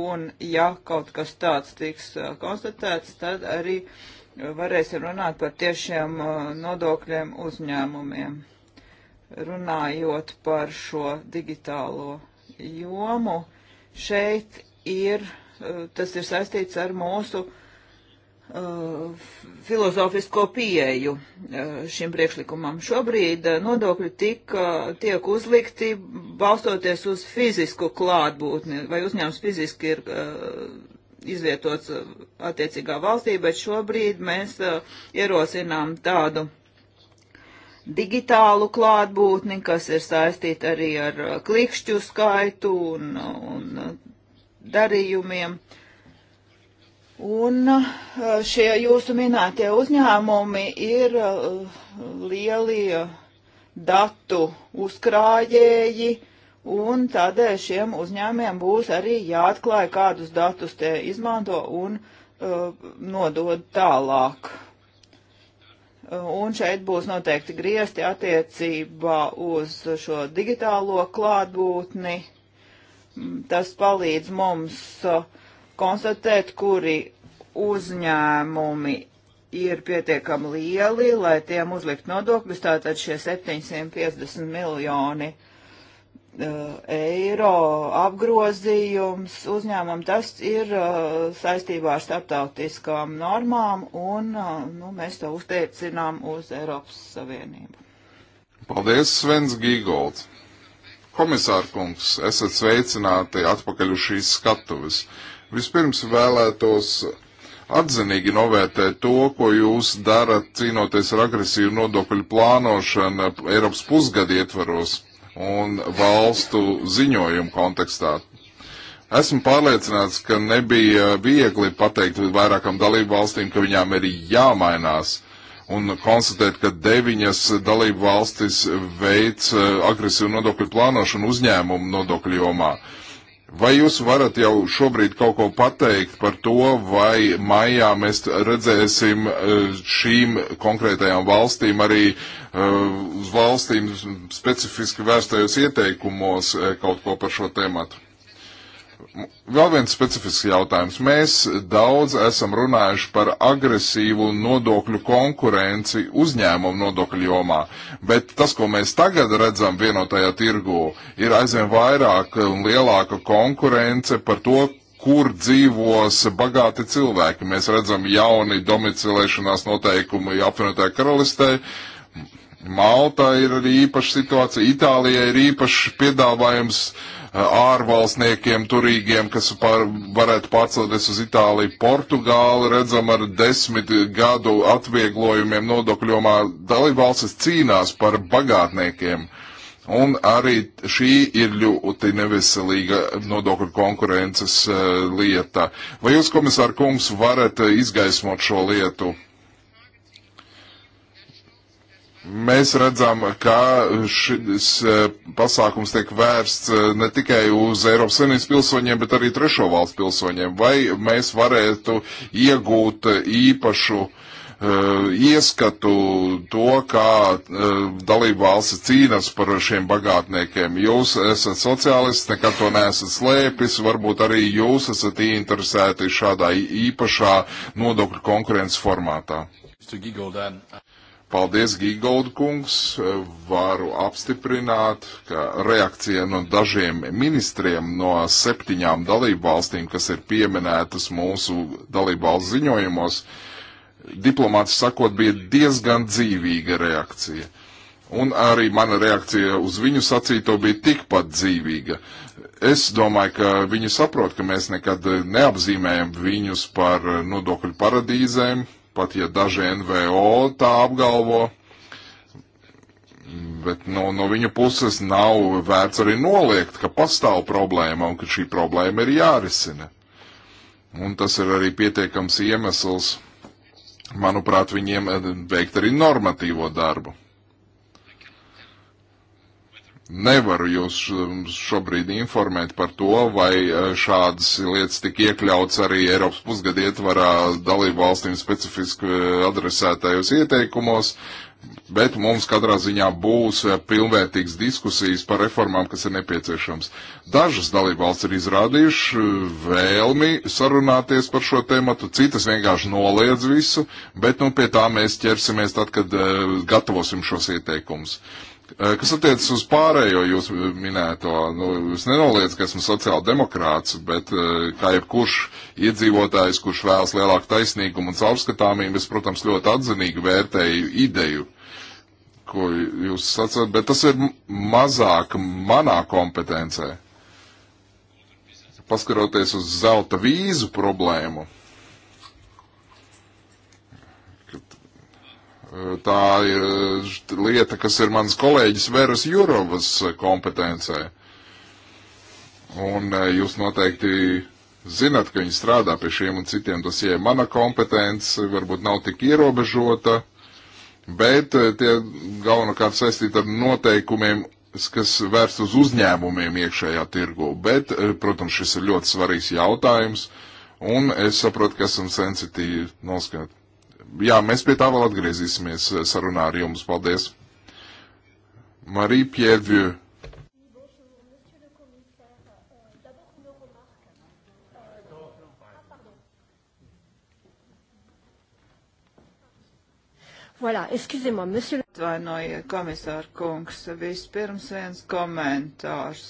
un ja kaut kas tāds tiks uh, konstatēts, tad arī uh, varēsim runāt par tiešiem uh, nodokļiem uzņēmumiem. Runājot par šo digitālo jomu, šeit ir, tas ir saistīts ar mūsu uh, Uh, filozofisko pieeju uh, šim priekšlikumam. Šobrīd uh, nodokļi tika, tiek uzlikti balstoties uz fizisku klātbūtni, vai uzņēmums fiziski ir uh, izvietots attiecīgā valstī, bet šobrīd mēs uh, ierosinām tādu digitālu klātbūtni, kas ir saistīta arī ar klikšķu skaitu un, un darījumiem. Uh, Un eh, šie jūsu minētie uzņēmumi ir eh, lieli eh, datu uzkrājēji, un tādēļ šiem uzņēmiem būs arī jāatklāj, kādus datus tie izmanto un uh, nodod tālāk. Un šeit būs noteikti griezti attiecībā uz šo digitālo klātbūtni. Tas palīdz mums uh, konstatēt, kuri uzņēmumi ir pietiekami lieli, lai tiem uzlikt nodokļus, tātad šie 750 miljoni uh, eiro apgrozījums uzņēmumam, tas ir uh, saistībā ar starptautiskām normām, un uh, nu, mēs to uzteicinām uz Eiropas Savienību. Paldies, Svens Gīgolds! Komisārkungs, esat sveicināti atpakaļ uz šīs skatuves. Uh, Vispirms vēlētos atzinīgi novērtēt to, ko jūs darat cīnoties ar agresīvu nodokļu plānošanu Eiropas pusgadu ietvaros un valstu ziņojumu kontekstā. Esmu pārliecināts, ka nebija viegli pateikt vairākam dalību valstīm, ka viņām ir jāmainās un konstatēt, ka deviņas dalību valstis veic eh, agresīvu nodokļu plānošanu uzņēmumu nodokļu jomā. Uh, Vai jūs varat jau šobrīd kaut ko pateikt par to, vai maijā mēs redzēsim eh, šīm konkrētajām valstīm arī eh, uz valstīm specifiski vērstajos ieteikumos eh, kaut ko par šo tēmatu? Vēl viens specifisks jautājums. Mēs daudz esam runājuši par agresīvu nodokļu konkurenci uzņēmumu nodokļu jomā, bet tas, ko mēs tagad redzam vienotajā tirgū, ir aizvien vairāk un lielāka konkurence par to, kur dzīvos bagāti cilvēki. Mēs redzam jauni domicilēšanās noteikumi apvienotajā karalistē. Malta ir arī īpaša situācija, Itālijai ir īpašs piedāvājums uh, ārvalstniekiem turīgiem, kas pār, varētu pārcelties uz Itāliju, Portugāli, redzam ar desmit gadu atvieglojumiem nodokļomā, dalībvalstis cīnās par bagātniekiem. Un arī šī ir ļoti neveselīga nodokļu konkurences uh, lieta. Vai jūs, komisār kungs, varat izgaismot šo lietu? Mēs redzam, ka šis eh, pasākums tiek vērsts eh, ne tikai uz Eiropas Savienības pilsoņiem, bet arī trešo valstu pilsoņiem. Vai mēs varētu iegūt īpašu uh, ieskatu to, kā uh, dalība valsts cīnas par šiem bagātniekiem. Jūs esat sociālists, nekad to neesat slēpis, varbūt arī jūs esat interesēti šādā īpašā nodokļu konkurences formātā. Mr. Giggle, then... Paldies, Gigolda kungs. Varu apstiprināt, ka reakcija no dažiem ministriem no septiņām dalību valstīm, kas ir pieminētas mūsu dalību valsts ziņojumos, diplomāts sakot, bija diezgan dzīvīga reakcija. Un arī mana reakcija uz viņu sacīto bija tikpat dzīvīga. Es domāju, ka viņi saprot, ka mēs nekad neapzīmējam viņus par nodokļu paradīzēm, pat ja daži NVO tā apgalvo. Bet no, no viņa puses nav vērts arī noliegt, ka pastāv problēma un ka šī problēma ir jārisina. Un tas ir arī pietiekams iemesls, manuprāt, viņiem veikt arī normatīvo darbu. Nevaru jūs šobrīd informēt par to, vai e, šādas lietas tika iekļauts arī Eiropas pusgada ietvarā dalību valstīm specifiski e, adresētajos ieteikumos, bet mums katrā ziņā būs e, pilnvērtīgas diskusijas par reformām, kas ir nepieciešams. Dažas dalību valsts ir izrādījuši vēlmi sarunāties par šo tēmatu, citas vienkārši noliedz visu, bet nu, pie tā mēs ķersimies tad, kad uh, gatavosim šos ieteikumus. Uh, Eh, kas attiecas uz pārējo jūs minēto, nu, es nenoliedzu, ka esmu sociāla demokrāts, bet eh, kā jebkurš iedzīvotājs, kurš vēlas lielāku taisnīgumu un caurskatāmību, es, protams, ļoti atzinīgi vērtēju ideju, ko jūs sacat, bet tas ir mazāk manā kompetencē. Paskaroties uz zelta vīzu problēmu Tā ir lieta, kas ir mans kolēģis Veras Jurovas kompetencē. Un eh, jūs noteikti zināt, ka viņi strādā pie šiem un citiem dosiem. Mana kompetence varbūt nav tik ierobežota, bet eh, tie galvenokārt saistīti ar noteikumiem, kas vērst uz uzņēmumiem iekšējā tirgu. Bet, eh, protams, šis ir ļoti svarīgs jautājums, un es saprotu, ka esam sensitīvi noskatīt jā, mēs pie tā vēl atgriezīsimies sarunā ar jums. Paldies! Marija Piedvju. Voilà, excusez-moi, monsieur. Atvainojiet, komisār kungs, vispirms viens komentārs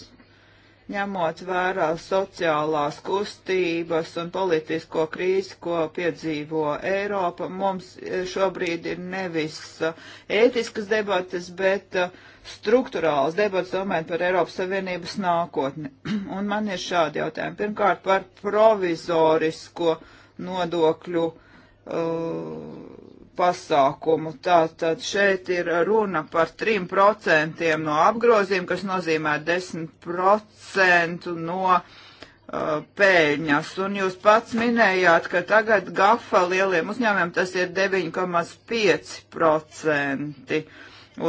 ņemot vērā sociālās kustības un politisko krīzi, ko piedzīvo Eiropa, mums šobrīd ir nevis uh, ētiskas debates, bet uh, struktūrāls debats domājot par Eiropas Savienības nākotni. <clears throat> un man ir šādi jautājumi. Pirmkārt, par provizorisko nodokļu uh, pasākumu. Tātad šeit ir runa par 3% no apgrozījuma, kas nozīmē 10% no uh, pēļņas. Un jūs pats minējāt, ka tagad GAFA lieliem uzņēmumiem tas ir 9,5%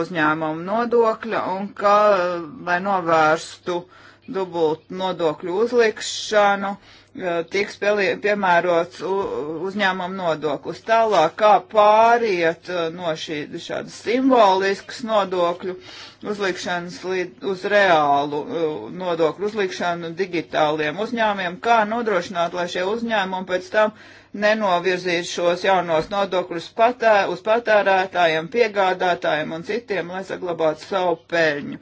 uzņēmumu nodokļa un ka, uh, lai novērstu uh, dubult nodokļu uzlikšanu, e, tiks piemērots uzņēmuma nodoklis. Tālāk, kā pāriet e, no šī, šādas simboliskas nodokļu uzlikšanas līdz uz reālu e, nodokļu uzlikšanu digitāliem uzņēmiem, kā nodrošināt, lai šie uzņēmumi pēc tam nenovirzīt šos jaunos nodokļus patē, uz patērētājiem, piegādātājiem un citiem, lai saglabātu savu peļņu.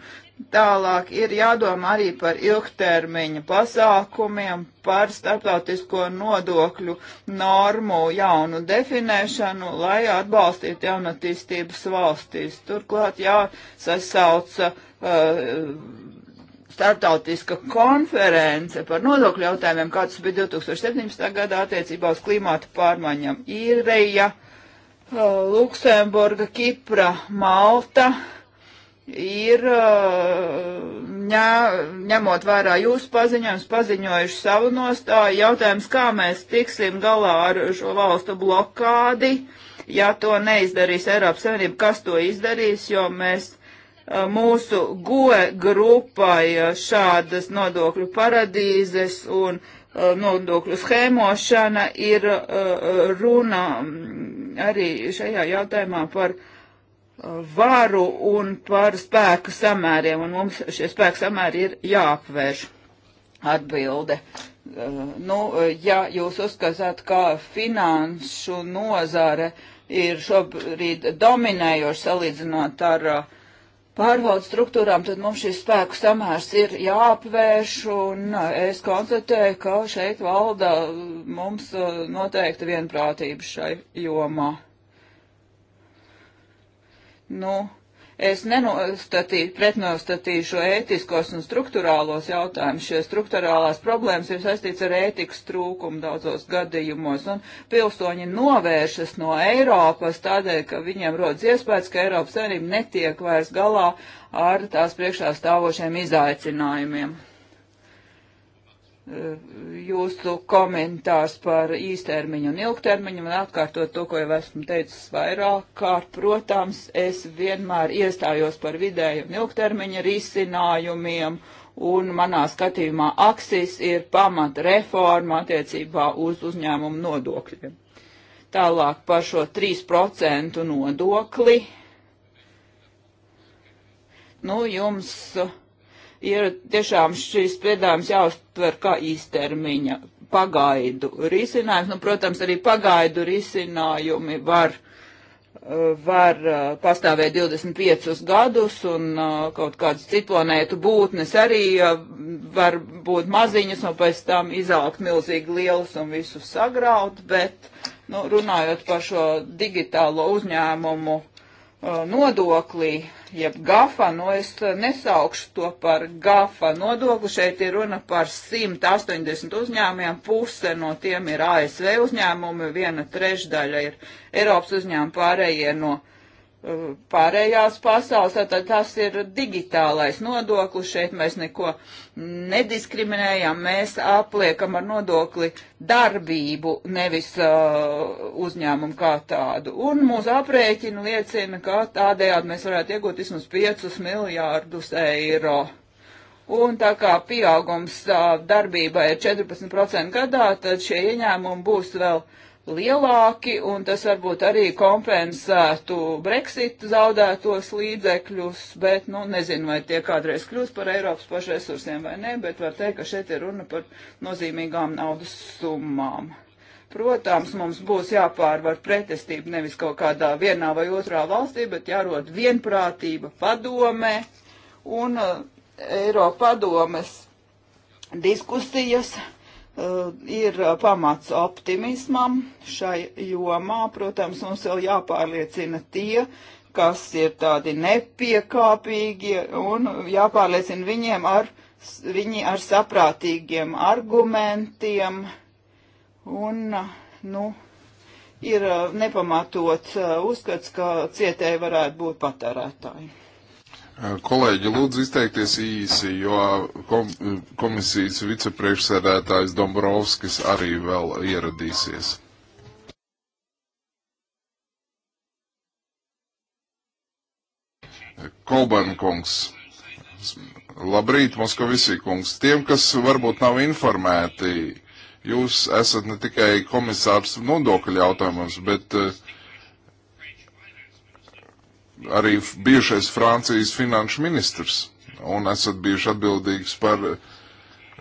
Tālāk ir jādomā arī par ilgtermiņa pasākumiem, par starptautisko nodokļu normu jaunu definēšanu, lai atbalstītu jaunatīstības valstīs. Turklāt jāsasauca uh, starptautiska konference par nodokļu jautājumiem, kāds bija 2017. gadā attiecībā uz klimatu pārmaiņām. Īrija, uh, Luksemburga, Kipra, Malta. Uh, ir uh, ņā, ņemot vērā jūsu paziņojums, paziņojuši savu nostāju. Jautājums, kā mēs tiksim galā ar šo valstu blokādi, ja to neizdarīs Eiropas Savienība, kas to izdarīs, jo mēs uh, mūsu goe grupai uh, šādas nodokļu paradīzes un nodokļu schēmošana ir runa mm, arī šajā jautājumā par uh, varu un par spēku samēriem, un mums šie spēku samēri ir jāapvērš atbilde. Eh, nu, ja jūs uzskatāt, ka finanšu nozare ir šobrīd dominējoši salīdzinot ar uh, pārvaldes struktūrām, tad mums šis spēku samērs ir jāapvērš, un eh, es konstatēju, ka šeit valda mums noteikti vienprātība šai jomā. Nu, es pretnostatīšu ētiskos un struktūrālos jautājumus. Šie struktūrālās problēmas ir saistīts ar ētikas trūkumu daudzos gadījumos, un pilsoņi novēršas no Eiropas tādēļ, ka viņiem rodas iespējas, ka Eiropas Savienība netiek vairs galā ar tās priekšā stāvošiem izaicinājumiem jūsu komentārs par īstermiņu un ilgtermiņu un atkārtot to, ko jau esmu teicis vairāk kārt. Protams, es vienmēr iestājos par vidēju un ilgtermiņa risinājumiem un manā skatījumā aksis ir pamat reforma attiecībā uz uzņēmumu nodokļiem. Tālāk par šo 3% nodokli. Nu, jums uh, ir tiešām šīs piedāvājums jāuztver kā īstermiņa pagaidu risinājums. Nu, protams, arī pagaidu risinājumi var, eh, var eh, pastāvēt 25 gadus, un eh, kaut kādas ciklonētu būtnes arī var būt maziņas, un pēc tam izaugt milzīgi lielas un visu sagraut, bet, nu, runājot par šo digitālo uzņēmumu nodoklī, jeb GAFA, nu es eh, nesaukšu to par GAFA nodokli, šeit ir runa par 180 uzņēmumiem, puse no tiem ir ASV uzņēmumi, viena trešdaļa ir Eiropas uzņēmumi, pārējie no. Uh, Um, pārējās pasaules, tātad tas ir digitālais nodoklis, šeit mēs neko nediskriminējam, mēs apliekam ar nodokli darbību, nevis uh, uzņēmumu kā tādu. Un mūsu aprēķina liecina, ka tādējādi mēs varētu iegūt vismaz 5 miljārdus eiro. Un tā kā pieaugums uh, darbībai ir 14% gadā, tad šie ieņēmumi būs vēl uh, lielāki, un tas varbūt arī kompensētu Brexit zaudētos līdzekļus, bet, nu, nezinu, vai tie kādreiz kļūs par Eiropas pašresursiem vai nē, bet var teikt, ka šeit ir runa par nozīmīgām naudas summām. Protams, mums būs jāpārvar pretestība nevis kaut kādā vienā vai otrā valstī, bet jārod vienprātība padomē un uh, Eiropadomes diskusijas Eh, ir pamats optimismam šai jomā. Protams, mums vēl jāpārliecina tie, kas ir tādi nepiekāpīgi un jāpārliecina viņiem ar, viņi ar saprātīgiem argumentiem un, nu, ir eh, nepamatots eh, uzskats, ka cietēji varētu būt patērētāji. Kolēģi, lūdzu izteikties īsi, jo kom komisijas vicepriekšsēdētājs Dombrovskis arī vēl ieradīsies. Kolbankungs. Labrīt, Moskavisī kungs. Tiem, kas varbūt nav informēti, jūs esat ne tikai komisārs nodokļu jautājumos, bet uh, arī bijušais Francijas finanšu ministrs un esat bijuši atbildīgs par eh,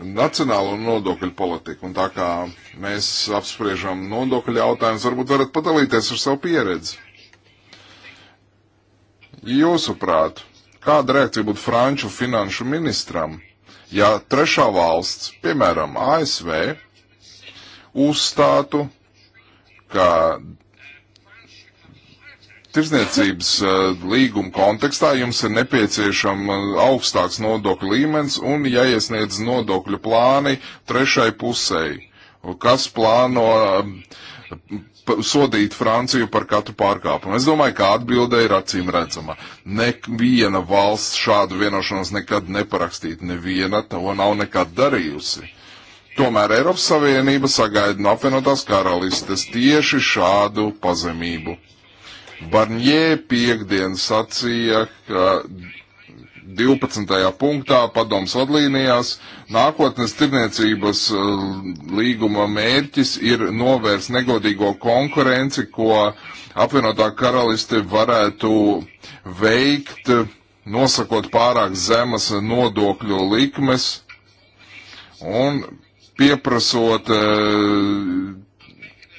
nacionālo nodokļu politiku. Un tā kā mēs apspriežam nodokļu jautājumus, varbūt varat padalīties ar savu pieredzi. Jūsuprāt, kāda reakcija būtu franču finanšu ministram, ja trešā valsts, piemēram, ASV, uzstātu, ka tirzniecības eh, līguma kontekstā jums ir nepieciešama eh, augstāks nodokļu līmenis un jāiesniedz nodokļu plāni trešai pusēji, kas plāno eh, sodīt Franciju par katru pārkāpumu. Es domāju, ka atbilde ir acīm redzama. Neviena valsts šādu vienošanos nekad neparakstīt, neviena to nav nekad darījusi. Tomēr Eiropas Savienība sagaida no apvienotās karalistes tieši šādu pazemību. Barņē piekdien sacīja, ka 12. punktā padoms vadlīnijās nākotnes tirniecības eh, līguma mērķis ir novērst negodīgo konkurenci, ko apvienotā karaliste varētu veikt, nosakot pārāk zemas nodokļu likmes un pieprasot eh,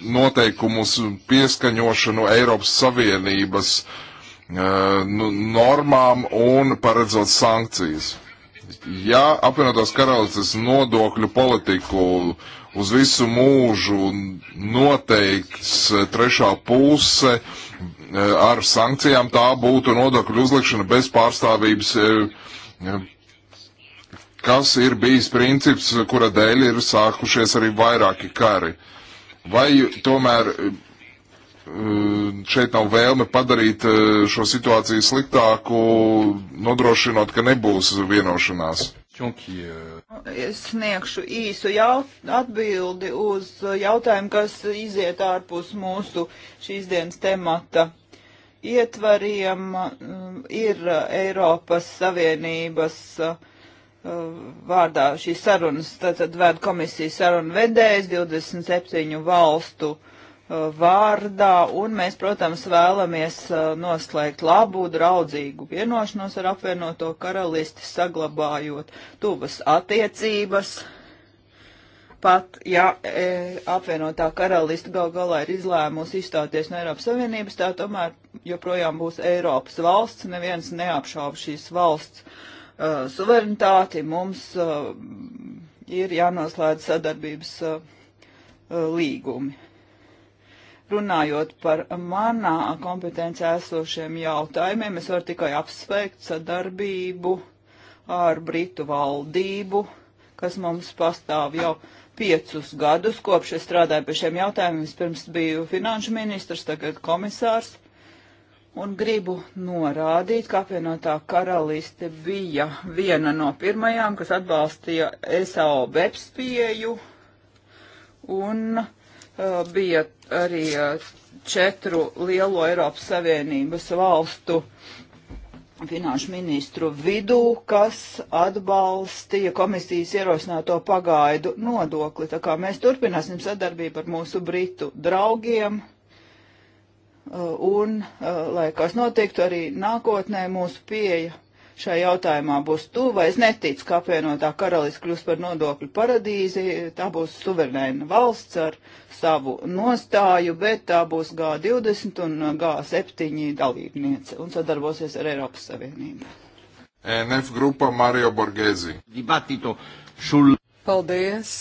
noteikumus pieskaņošanu Eiropas Savienības uh, normām un paredzot sankcijas. Ja apvienotās karalistes nodokļu politiku uz visu mūžu noteikts eh, trešā puse eh, ar sankcijām, tā būtu nodokļu uzlikšana bez pārstāvības uh, kas ir bijis princips, kura dēļ ir sākušies arī vairāki kari. Vai tomēr eh, šeit nav vēlme padarīt eh, šo situāciju sliktāku, nodrošinot, ka nebūs vienošanās? Euh, es sniegšu īsu atbildi uz jautājumu, kas iziet ārpus mūsu šīs dienas temata ietvariem. Mm, ir Eiropas Savienības uh, Uh, vārdā šīs sarunas, tātad vēd komisijas sarunu vedējs 27 valstu uh, vārdā, un mēs, protams, vēlamies uh, noslēgt labu, draudzīgu vienošanos ar apvienoto karalisti, saglabājot tuvas attiecības, pat ja e, apvienotā karalista gal galā ir izlēmusi izstāties no Eiropas Savienības, tā tomēr joprojām būs Eiropas valsts, neviens neapšauba šīs valsts. Uh, uh, suverenitāti, mums uh, ir jānoslēdz sadarbības uh, uh līgumi. Runājot par manā kompetencē esošiem jautājumiem, es varu tikai apsveikt sadarbību ar Britu valdību, kas mums pastāv jau piecus gadus, kopš es strādāju pie šiem jautājumiem. Vispirms biju finanšu ministrs, tagad komisārs. Uh, un gribu norādīt, ka apvienotā karaliste bija viena no pirmajām, kas atbalstīja SAO BEPS pieju, un uh, bija arī uh, četru lielo Eiropas Savienības valstu finanšu ministru vidū, kas atbalstīja komisijas ierosināto pagaidu nodokli. Tā kā mēs turpināsim sadarbību ar mūsu britu draugiem Uh, un, uh, lai kas notiktu arī nākotnē, mūsu pieeja šai jautājumā būs tuva. Es neticu, ka apvienotā karalists kļūs par nodokļu paradīzi, tā būs suverēna valsts ar savu nostāju, bet tā būs G20 un G7 dalībniece un sadarbosies ar Eiropas Savienību. NF grupa Mario Borgēzi. Paldies!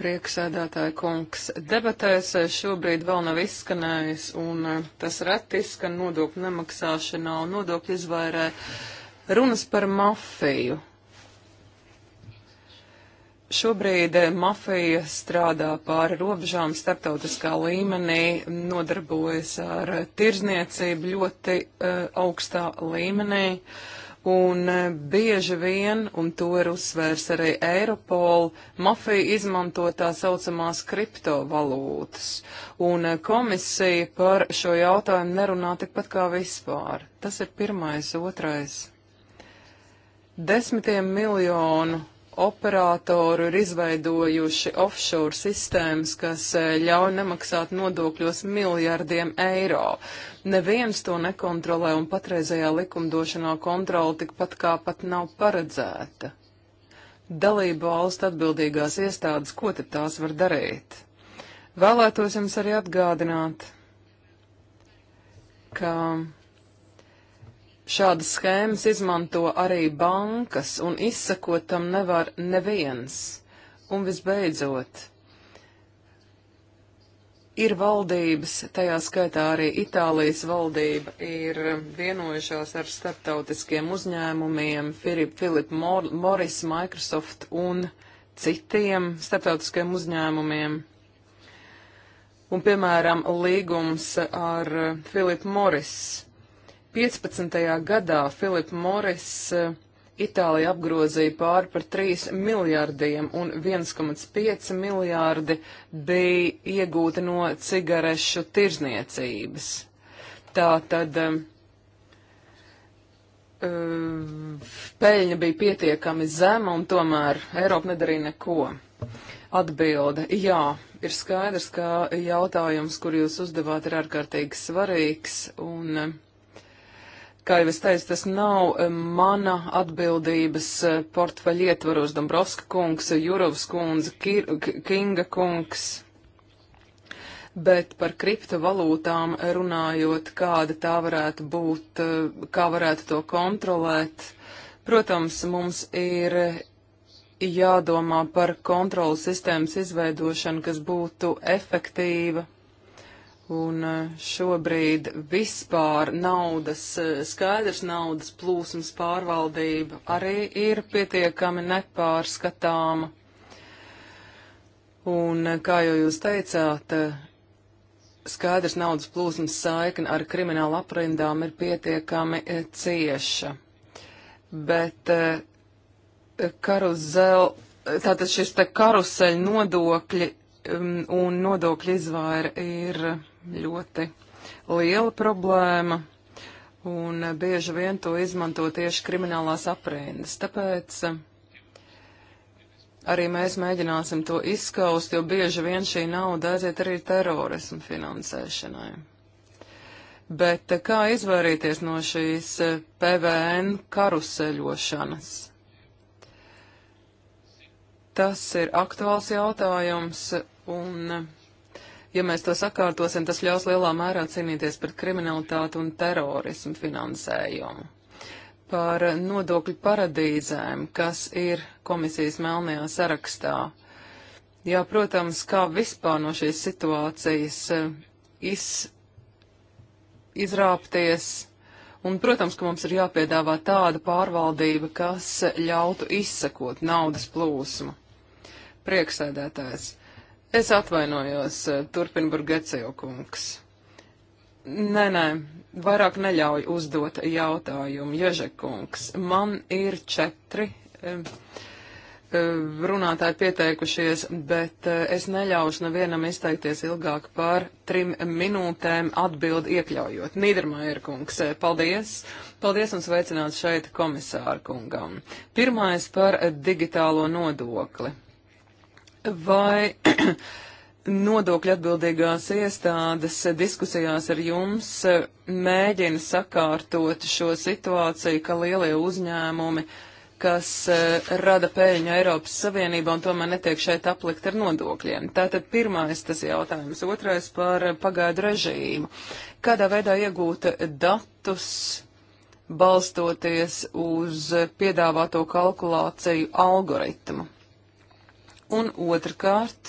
Prieksēdētāja kungs, debatēs šobrīd vēl nav izskanējis, un eh, tas reti izskan nodokļu nemaksāšanā un nodokļu izvairē runas par mafiju. Šobrīd eh, mafija strādā pāri robežām starptautiskā līmenī, nodarbojas ar tirzniecību ļoti uh, augstā līmenī. Uh, Un eh, bieži vien, un to ir uzsvērs arī Eiropola, mafija izmanto tā saucamās kriptovalūtas. Un eh, komisija par šo jautājumu nerunā tikpat kā vispār. Tas ir pirmais, otrais. Desmitiem miljonu operātoru ir izveidojuši offshore sistēmas, kas e, ļauj nemaksāt nodokļos miljardiem eiro. Neviens to nekontrolē un patreizējā likumdošanā kontrola tikpat kā pat nav paredzēta. Dalību valstu atbildīgās iestādes, ko tad tās var darīt? Vēlētos jums arī atgādināt, ka Šādas schēmas izmanto arī bankas, un izsakot tam nevar neviens. Un visbeidzot, ir valdības, tajā skaitā arī Itālijas valdība, ir vienojušās ar starptautiskiem uzņēmumiem, Philip Morris, Microsoft un citiem starptautiskiem uzņēmumiem. Un, piemēram, līgums ar Philip Morris 15. gadā Filipa Moris eh, Itālija apgrozīja pāri par 3 miljārdiem un 1,5 miljārdi bija iegūti no cigarešu tirzniecības. Tā tad uh, peļņa bija pietiekami zema un tomēr Eiropa nedarīja neko. Atbilde - jā, ir skaidrs, ka jautājums, kur jūs uzdevāt, ir ārkārtīgi svarīgs un uh, Kā jau es teicu, tas nav eh, mana atbildības eh, portfeļa ietvaros Dombrovska kungs, Jurovs kundze, Kinga kungs. Bet par kriptovalūtām runājot, kāda tā varētu būt, eh, kā varētu to kontrolēt. Protams, mums ir jādomā par kontrolas sistēmas izveidošanu, kas būtu efektīva Un eh, šobrīd vispār naudas, eh, skaidrs naudas plūsmas pārvaldība arī ir pietiekami nepārskatāma. Un, eh, kā jau jūs teicāt, skaidrs naudas plūsmas saikna ar kriminālu aprindām ir pietiekami cieša. Bet karuzel, tātad šis te karuseļ nodokļi mm, un nodokļu izvaira ir ļoti liela problēma, un bieži vien to izmanto tieši kriminālās aprindas. Tāpēc eh, arī mēs mēģināsim to izskaust, jo bieži vien šī nauda aiziet arī terorismu finansēšanai. Bet eh, kā izvairīties no šīs eh, PVN karuseļošanas? Tas ir aktuāls jautājums, un Ja mēs to sakārtosim, tas ļaus lielā mērā cīnīties pret kriminalitātu un terorismu finansējumu. Par nodokļu paradīzēm, kas ir komisijas melnajā sarakstā. Jā, protams, kā vispār no šīs situācijas eh, iz, izrāpties. Un, protams, ka mums ir jāpiedāvā tāda pārvaldība, kas ļautu izsekot naudas plūsmu. Prieksēdētājs. Es atvainojos, turpina Burgecijo kungs. Nē, nē, vairāk neļauj uzdot jautājumu. Ježekungs, man ir četri um, runātāji pieteikušies, bet eh, es neļaušu nevienam izteikties ilgāk par trim minūtēm atbildi iekļaujot. Nīdermājer kungs, paldies! Paldies un sveicināts šeit komisāru kungam. Pirmais par digitālo nodokli. Vai <clears throat> nodokļu atbildīgās iestādes diskusijās ar jums mēģina sakārtot šo situāciju, ka lielie uzņēmumi, kas eh, rada pēļņu Eiropas Savienībā un tomēr netiek šeit aplikt ar nodokļiem? Tātad pirmais tas jautājums, otrais par pagaidu režīmu. Kādā veidā iegūt datus? balstoties uz piedāvāto kalkulāciju algoritmu. Un otrkārt,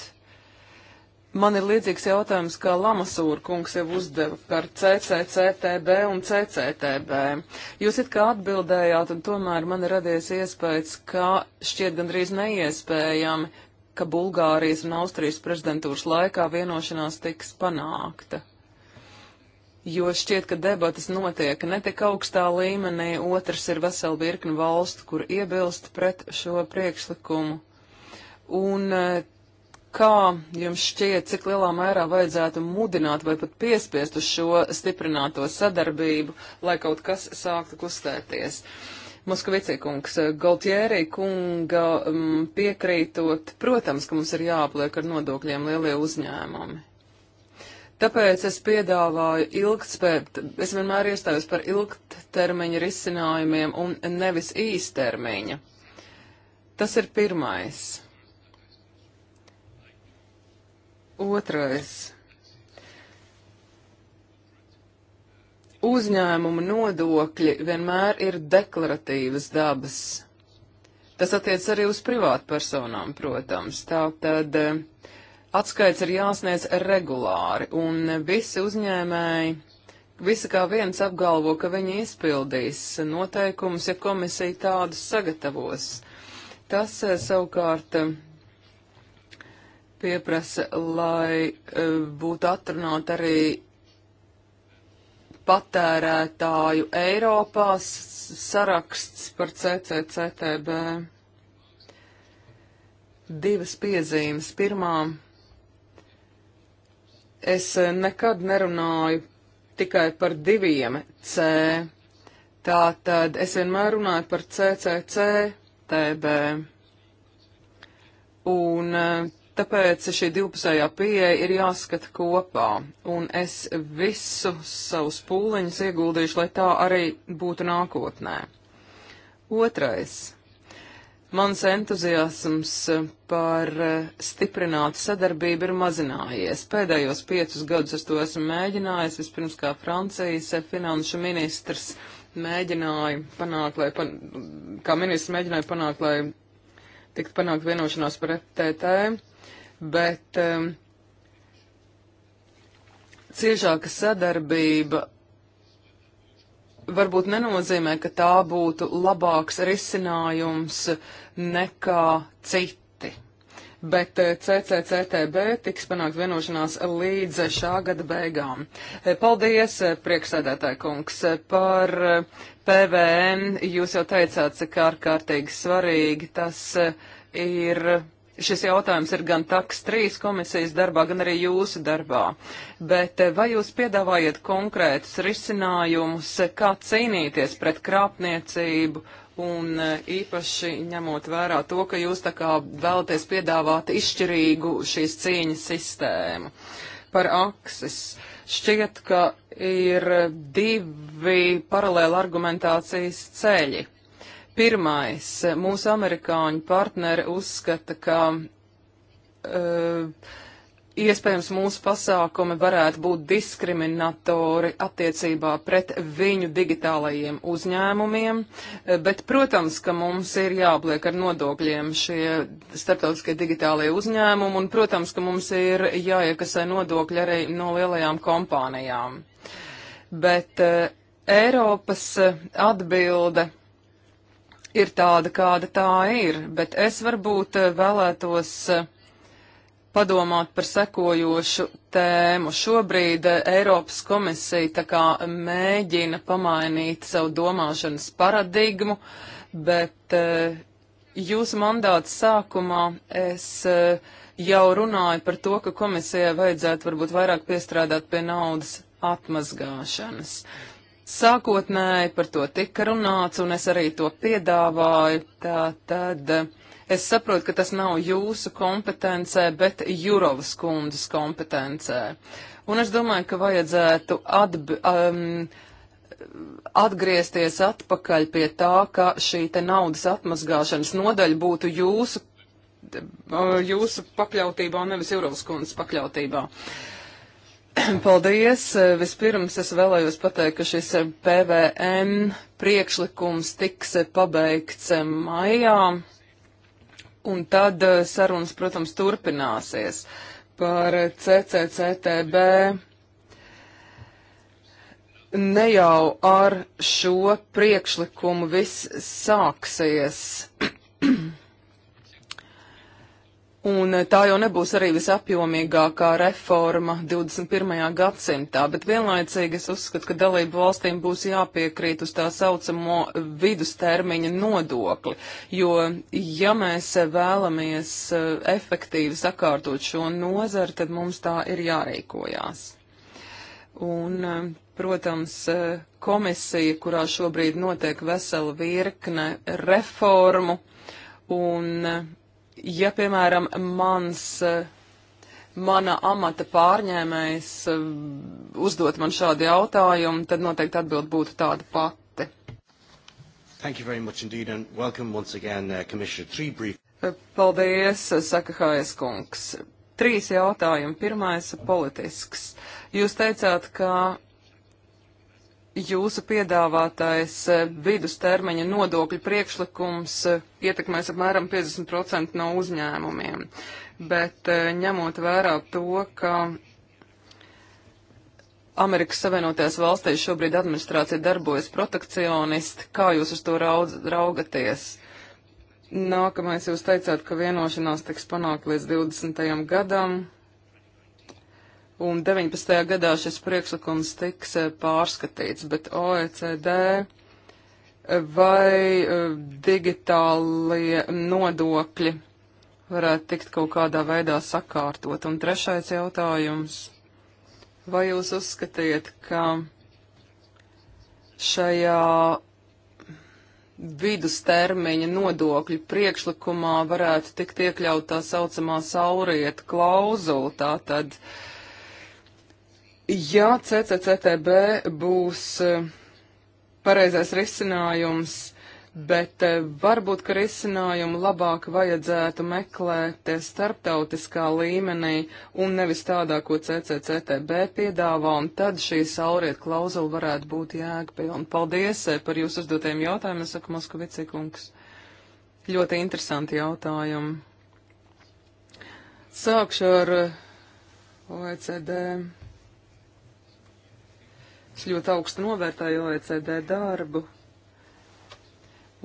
man ir līdzīgs jautājums, kā Lamasūra kungs jau uzdeva par CCCTB un CCTB. Jūs it kā atbildējāt, un tomēr man ir radies iespējas, ka šķiet gandrīz neiespējami, ka Bulgārijas un Austrijas prezidentūras laikā vienošanās tiks panākta jo šķiet, ka debatas notiek ne tik augstā līmenī, otrs ir vesela virkni valstu, kur iebilst pret šo priekšlikumu. Un eh, kā jums šķiet, cik lielā mērā vajadzētu mudināt vai pat piespiest uz šo stiprināto sadarbību, lai kaut kas sāktu kustēties? Moskvicī kungs, eh, Galtjērī kunga um, piekrītot, protams, ka mums ir jāpliek ar nodokļiem lielie uzņēmumi. Tāpēc es piedāvāju ilgtspēt, es vienmēr iestājos par ilgtermiņa risinājumiem un nevis īstermiņa. Tas ir pirmais. Otrais. Uzņēmuma nodokļi vienmēr ir deklaratīvas dabas. Tas attiec arī uz privātpersonām, protams. Tātad eh, atskaits ir jāsniedz regulāri, un visi uzņēmēji, visi kā viens apgalvo, ka viņi izpildīs noteikumus, ja komisija tādus sagatavos. Tas eh, savukārt pieprasa, lai e, būtu atrunāt arī patērētāju Eiropā saraksts par CCCTB. Divas piezīmes. Pirmā, es nekad nerunāju tikai par diviem C. Tā tad es vienmēr runāju par CCCTB. Un e, Tāpēc šī divpusējā pieeja ir jāskata kopā, un es visu savus pūliņus ieguldīšu, lai tā arī būtu nākotnē. Otrais. Mans entuziasms par stiprinātu sadarbību ir mazinājies. Pēdējos piecus gadus es to esmu mēģinājis, vispirms kā Francijas finanšu ministrs mēģināja panākt, lai, pan, kā ministrs mēģināja panākt, lai tikt panākt vienošanās par FTT bet um, ciešāka sadarbība varbūt nenozīmē, ka tā būtu labāks risinājums nekā citi. Bet eh, CCCTB tiks panākt vienošanās līdz šā gada beigām. Eh, paldies, eh, prieksēdētāji kungs, par PVN. Jūs jau teicāt, cik ārkārtīgi svarīgi tas ir šis jautājums ir gan taks trīs komisijas darbā, gan arī jūsu darbā. Bet eh, vai jūs piedāvājat konkrētus risinājumus, kā cīnīties pret krāpniecību? Un eh, īpaši ņemot vērā to, ka jūs tā kā vēlaties piedāvāt izšķirīgu šīs cīņas sistēmu par akses. Šķiet, ka ir divi paralēli argumentācijas ceļi Pirmais, mūsu amerikāņu partneri uzskata, ka uh, iespējams mūsu pasākumi varētu būt diskriminatori attiecībā pret viņu digitālajiem uzņēmumiem, eh, bet, protams, ka mums ir jābliek ar nodokļiem šie starptautiskie digitālajie uzņēmumi, un, protams, ka mums ir jāiekasē nodokļi arī no lielajām kompānijām. Bet uh, Eiropas atbilde ir tāda, kāda tā ir, bet es varbūt eh, vēlētos eh, padomāt par sekojošu tēmu. Šobrīd eh, Eiropas komisija tā kā mēģina pamainīt savu domāšanas paradigmu, bet jūsu mandāta sākumā es jau runāju par to, ka komisijai vajadzētu varbūt vairāk piestrādāt pie naudas atmazgāšanas. Uh, Sākotnēji par to tika runāts, un es arī to piedāvāju. Tā tad es saprotu, ka tas nav jūsu kompetencē, bet Jurovas kundzes kompetencē. Un es domāju, ka vajadzētu atb, um, atgriezties atpakaļ pie tā, ka šī te naudas atmazgāšanas nodaļa būtu jūsu, uh, jūsu pakļautībā un nevis Jurovas kundzes pakļautībā. Uh, <clears throat> Paldies! Vispirms es vēlējos pateikt, ka šis PVN priekšlikums tiks pabeigts maijā, un tad sarunas, protams, turpināsies par CCCTB ne jau ar šo priekšlikumu viss sāksies. <clears throat> Un eh, tā jau nebūs arī visapjomīgākā reforma 21. gadsimtā, bet vienlaicīgi es uzskatu, ka dalību valstīm būs jāpiekrīt uz tā saucamo vidustermiņa nodokli, jo ja mēs vēlamies eh, efektīvi sakārtot šo nozaru, tad mums tā ir jārīkojās. Un, eh, protams, komisija, kurā šobrīd notiek vesela virkne reformu, un ja, piemēram, mans, mana amata pārņēmējs eh, uzdot man šādu jautājumu, tad noteikti atbild būtu tāda pati. Thank you very much indeed and welcome once again, uh, Commissioner. Three brief. Eh, paldies, saka Hājas kungs. Trīs jautājumi. Pirmais - politisks. Jūs teicāt, ka jūsu piedāvātais e, vidustermiņa nodokļu priekšlikums e, ietekmēs apmēram 50% no uzņēmumiem, bet e, ņemot vērā to, ka Amerikas Savienotajās valstīs šobrīd administrācija darbojas protekcionisti. Kā jūs uz to raudz, raugaties? Nākamais jūs teicāt, ka vienošanās tiks panākt līdz 20. gadam un 19. gadā šis priekšlikums tiks eh, pārskatīts, bet OECD eh, vai eh, digitālie nodokļi varētu tikt kaut kādā veidā sakārtot. Un trešais jautājums. Vai jūs uzskatiet, ka šajā vidustermiņa nodokļu priekšlikumā varētu tikt iekļaut tā saucamā saurieta klauzula, tātad uh, Ja CCCTB būs eh, pareizais risinājums, bet eh, varbūt, ka risinājumu labāk vajadzētu meklēt eh, starptautiskā līmenī un nevis tādā, ko CCCTB piedāvā, un tad šī sauriet klauzula varētu būt jēgpilna. Paldies par jūsu uzdotiem jautājumiem, saka Moskvicikungs. Ļoti interesanti jautājumi. Sākšu ar OECD. Es ļoti augstu novērtēju OECD darbu.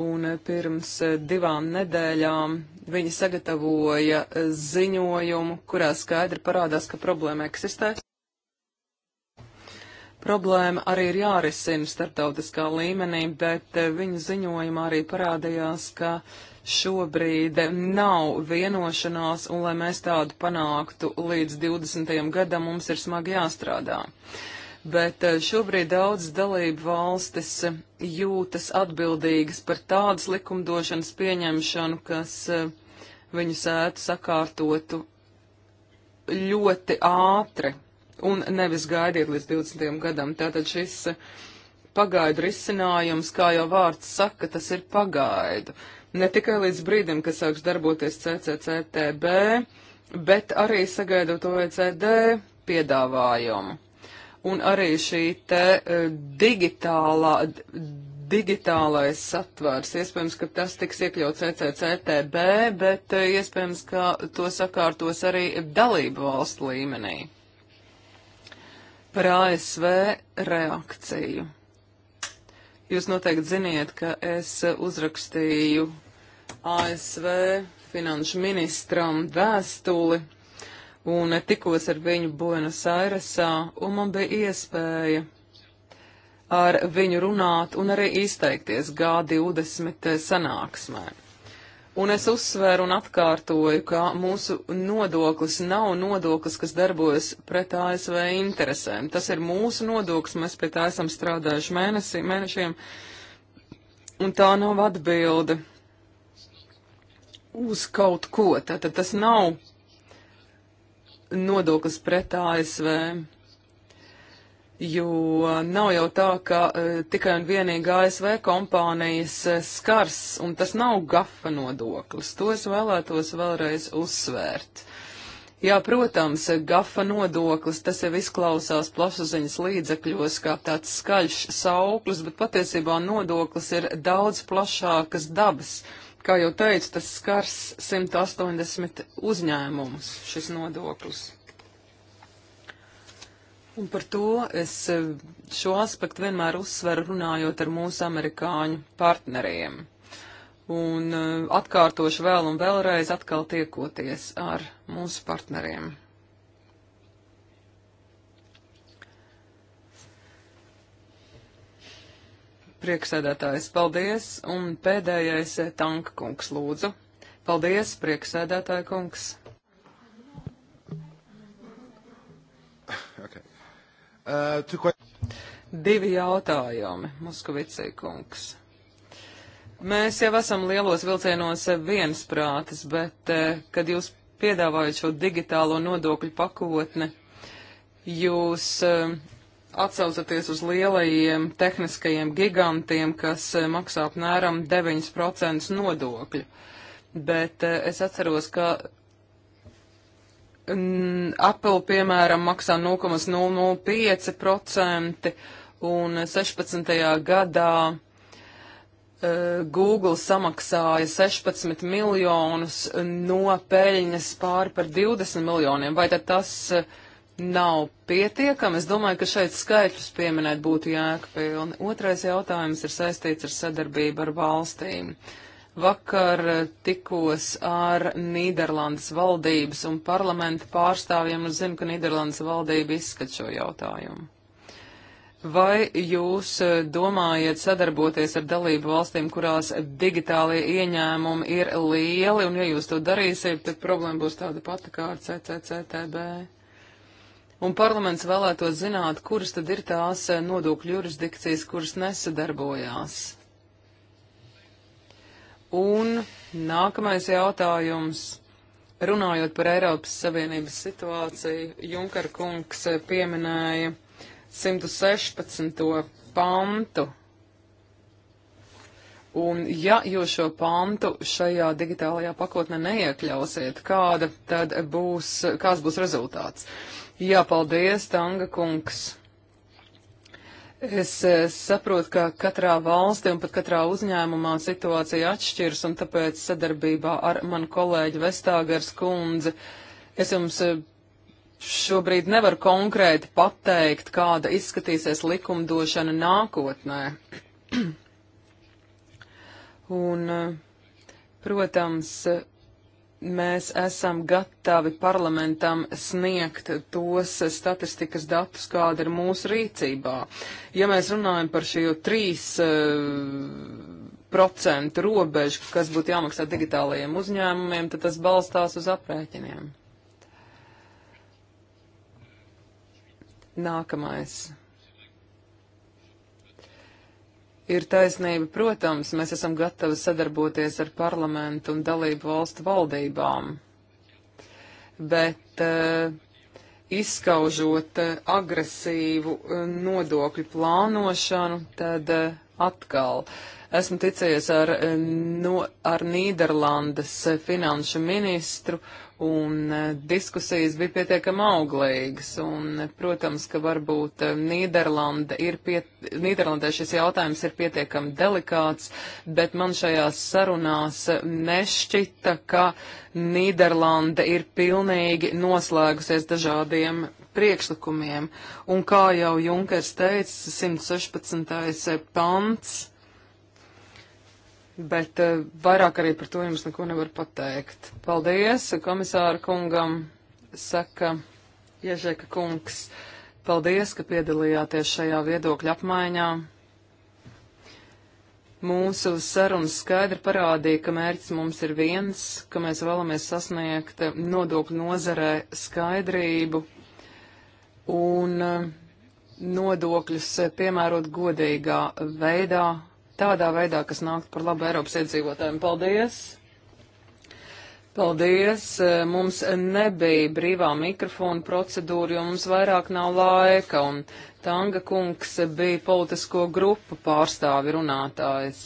Un eh, pirms eh, divām nedēļām viņi sagatavoja eh, ziņojumu, kurā skaidri parādās, ka problēma eksistē. Problēma arī ir jārisina starptautiskā līmenī, bet viņa ziņojumā arī parādījās, ka šobrīd nav vienošanās, un lai mēs tādu panāktu līdz 20. gadam, mums ir smagi jāstrādā. Uh, bet eh, šobrīd daudz dalību valstis eh, jūtas atbildīgas par tādas likumdošanas pieņemšanu, kas eh, viņu sētu sakārtotu ļoti ātri un nevis gaidiet līdz 20. gadam. Tātad šis pagaidu risinājums, kā jau vārds saka, tas ir pagaidu. Ne tikai līdz brīdim, kad sāks darboties CCCTB, bet arī sagaidot OECD piedāvājumu un arī šī te eh, digitālā, digitālais satvars. Iespējams, ka tas tiks iekļauts ECCTB, bet eh, iespējams, ka to sakārtos arī dalību valstu līmenī. Par ASV reakciju. Jūs noteikti ziniet, ka es uzrakstīju ASV finanšu ministram vēstuli un tikos ar viņu Buenos Airesā, un man bija iespēja ar viņu runāt un arī izteikties G20 sanāksmē. Un es uzsveru un atkārtoju, ka mūsu nodoklis nav nodoklis, kas darbojas pret ASV interesēm. Tas ir mūsu nodoklis, mēs pie tā esam strādājuši mēnesi, mēnešiem, un tā nav atbilde uz kaut ko. Tātad tas nav nodoklis pret ASV. Jo nav jau tā, ka uh, tikai un vienīgi ASV kompānijas uh, skars, un tas nav gafa nodoklis. To es vēlētos vēlreiz uzsvērt. Jā, protams, gafa nodoklis, tas jau izklausās plašsaziņas līdzekļos kā tāds skaļš sauklis, bet patiesībā nodoklis ir daudz plašākas dabas. Uh, Kā jau teicu, tas skars 180 uzņēmumus šis nodoklis. Un par to es eh, šo aspektu vienmēr uzsveru runājot ar mūsu amerikāņu partneriem. Un eh, atkārtošu vēl un vēlreiz atkal tiekoties ar mūsu partneriem. Prieksēdētājs, paldies, un pēdējais eh, tanka kungs lūdzu. Paldies, prieksēdētāja kungs. Okay. Uh, to... Divi jautājumi, Muskovicī kungs. Mēs jau esam lielos vilcienos viensprātis, bet eh, kad jūs piedāvājat šo digitālo nodokļu pakotni, jūs eh, atsaucaties uz lielajiem tehniskajiem gigantiem, kas eh, maksā apmēram 9% nodokļu. Bet eh, es atceros, ka Apple, piemēram, maksā 0,005% un 16. gadā eh, Google samaksāja 16 miljonus no peļņas pāri par 20 miljoniem. Vai tad tas uh, nav pietiekama. Es domāju, ka šeit skaitļus pieminēt būtu jēgpilni. Otrais jautājums ir saistīts ar sadarbību ar valstīm. Vakar tikos ar Nīderlandes valdības un parlamenta pārstāvjiem un zinu, ka Nīderlandes valdība izskat šo jautājumu. Vai jūs eh, domājat sadarboties ar dalību valstīm, kurās digitālie ieņēmumi ir lieli, un ja jūs to darīsiet, tad problēma būs tāda pati kā ar CCCTB? un parlaments vēlētos zināt, kuras tad ir tās eh, nodokļu jurisdikcijas, kuras nesadarbojās. Un nākamais jautājums. Runājot par Eiropas Savienības situāciju, Junker kungs eh, pieminēja 116. pantu. Un ja jūs šo pantu šajā digitālajā pakotnē neiekļausiet, kāda tad būs, kāds būs rezultāts? Jā, paldies, Tanga kungs. Es eh, saprotu, ka katrā valstī un pat katrā uzņēmumā situācija atšķiras, un tāpēc sadarbībā ar manu kolēģi Vestāgars kundzi es jums eh, šobrīd nevaru konkrēti pateikt, kāda izskatīsies likumdošana nākotnē. <clears throat> un, eh, protams, mēs esam gatavi parlamentam sniegt tos statistikas datus, kāda ir mūsu rīcībā. Ja mēs runājam par šo trīs eh, procentu robežu, kas būtu jāmaksā digitālajiem uzņēmumiem, tad tas balstās uz aprēķiniem. Nākamais. Ir taisnība, protams, mēs esam gatavi sadarboties ar parlamentu un dalību valstu valdībām, bet uh, izskaužot uh, agresīvu uh, nodokļu plānošanu, tad atkal esmu ticējies ar, no, ar Nīderlandes finanšu ministru un e, diskusijas bija pietiekami auglīgas, un, e, protams, ka varbūt e, Nīderlanda ir piet, Nīderlandē šis jautājums ir pietiekami delikāts, bet man šajās sarunās nešķita, ka Nīderlanda ir pilnīgi noslēgusies dažādiem priekšlikumiem, un kā jau Junkers teica, 116. pants bet eh, vairāk arī par to jums neko nevar pateikt. Paldies komisāra kungam, saka Ježeka kungs. Paldies, ka piedalījāties šajā viedokļa apmaiņā. Mūsu sarunas skaidri parādīja, ka mērķis mums ir viens, ka mēs vēlamies sasniegt nodokļu nozarē skaidrību un eh, nodokļus piemērot godīgā veidā tādā veidā, kas nākt par labu Eiropas iedzīvotājiem. Paldies! Paldies! Mums nebija brīvā mikrofona procedūra, jo mums vairāk nav laika, un Tanga kungs bija politisko grupu pārstāvi runātājs.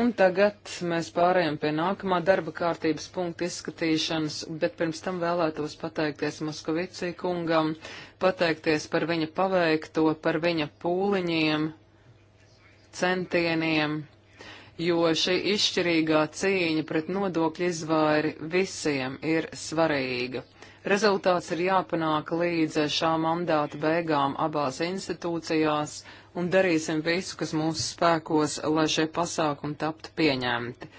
Un tagad mēs pārējām pie nākamā darba kārtības punkta izskatīšanas, bet pirms tam vēlētos pateikties Moskovicī kungam, pateikties par viņa paveikto, par viņa pūliņiem, centieniem, jo šī izšķirīgā cīņa pret nodokļu izvairi visiem ir svarīga. Rezultāts ir jāpanāk līdz šā mandāta beigām abās institūcijās, un darīsim visu, kas mūsu spēkos, lai šie pasākumi taptu pieņemti.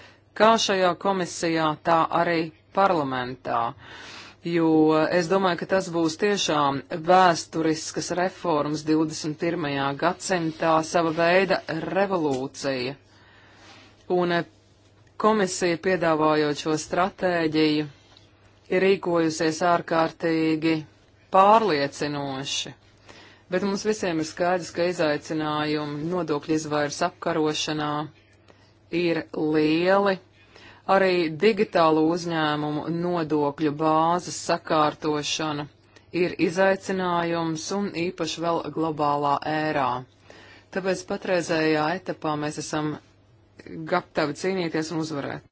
Kā šajā komisijā, tā arī parlamentā. Uh, jo es domāju, ka tas būs tiešām vēsturiskas reformas 21. gadsimtā, sava veida revolūcija. Un eh, komisija piedāvājot šo stratēģiju ir rīkojusies ārkārtīgi pārliecinoši. Bet mums visiem ir skaidrs, ka izaicinājumi nodokļu izvairs apkarošanā ir lieli Arī digitālu uzņēmumu nodokļu bāzes sakārtošana ir izaicinājums un īpaši vēl globālā ērā. Tāpēc patreizējā etapā mēs esam gatavi cīnīties un uzvarēt.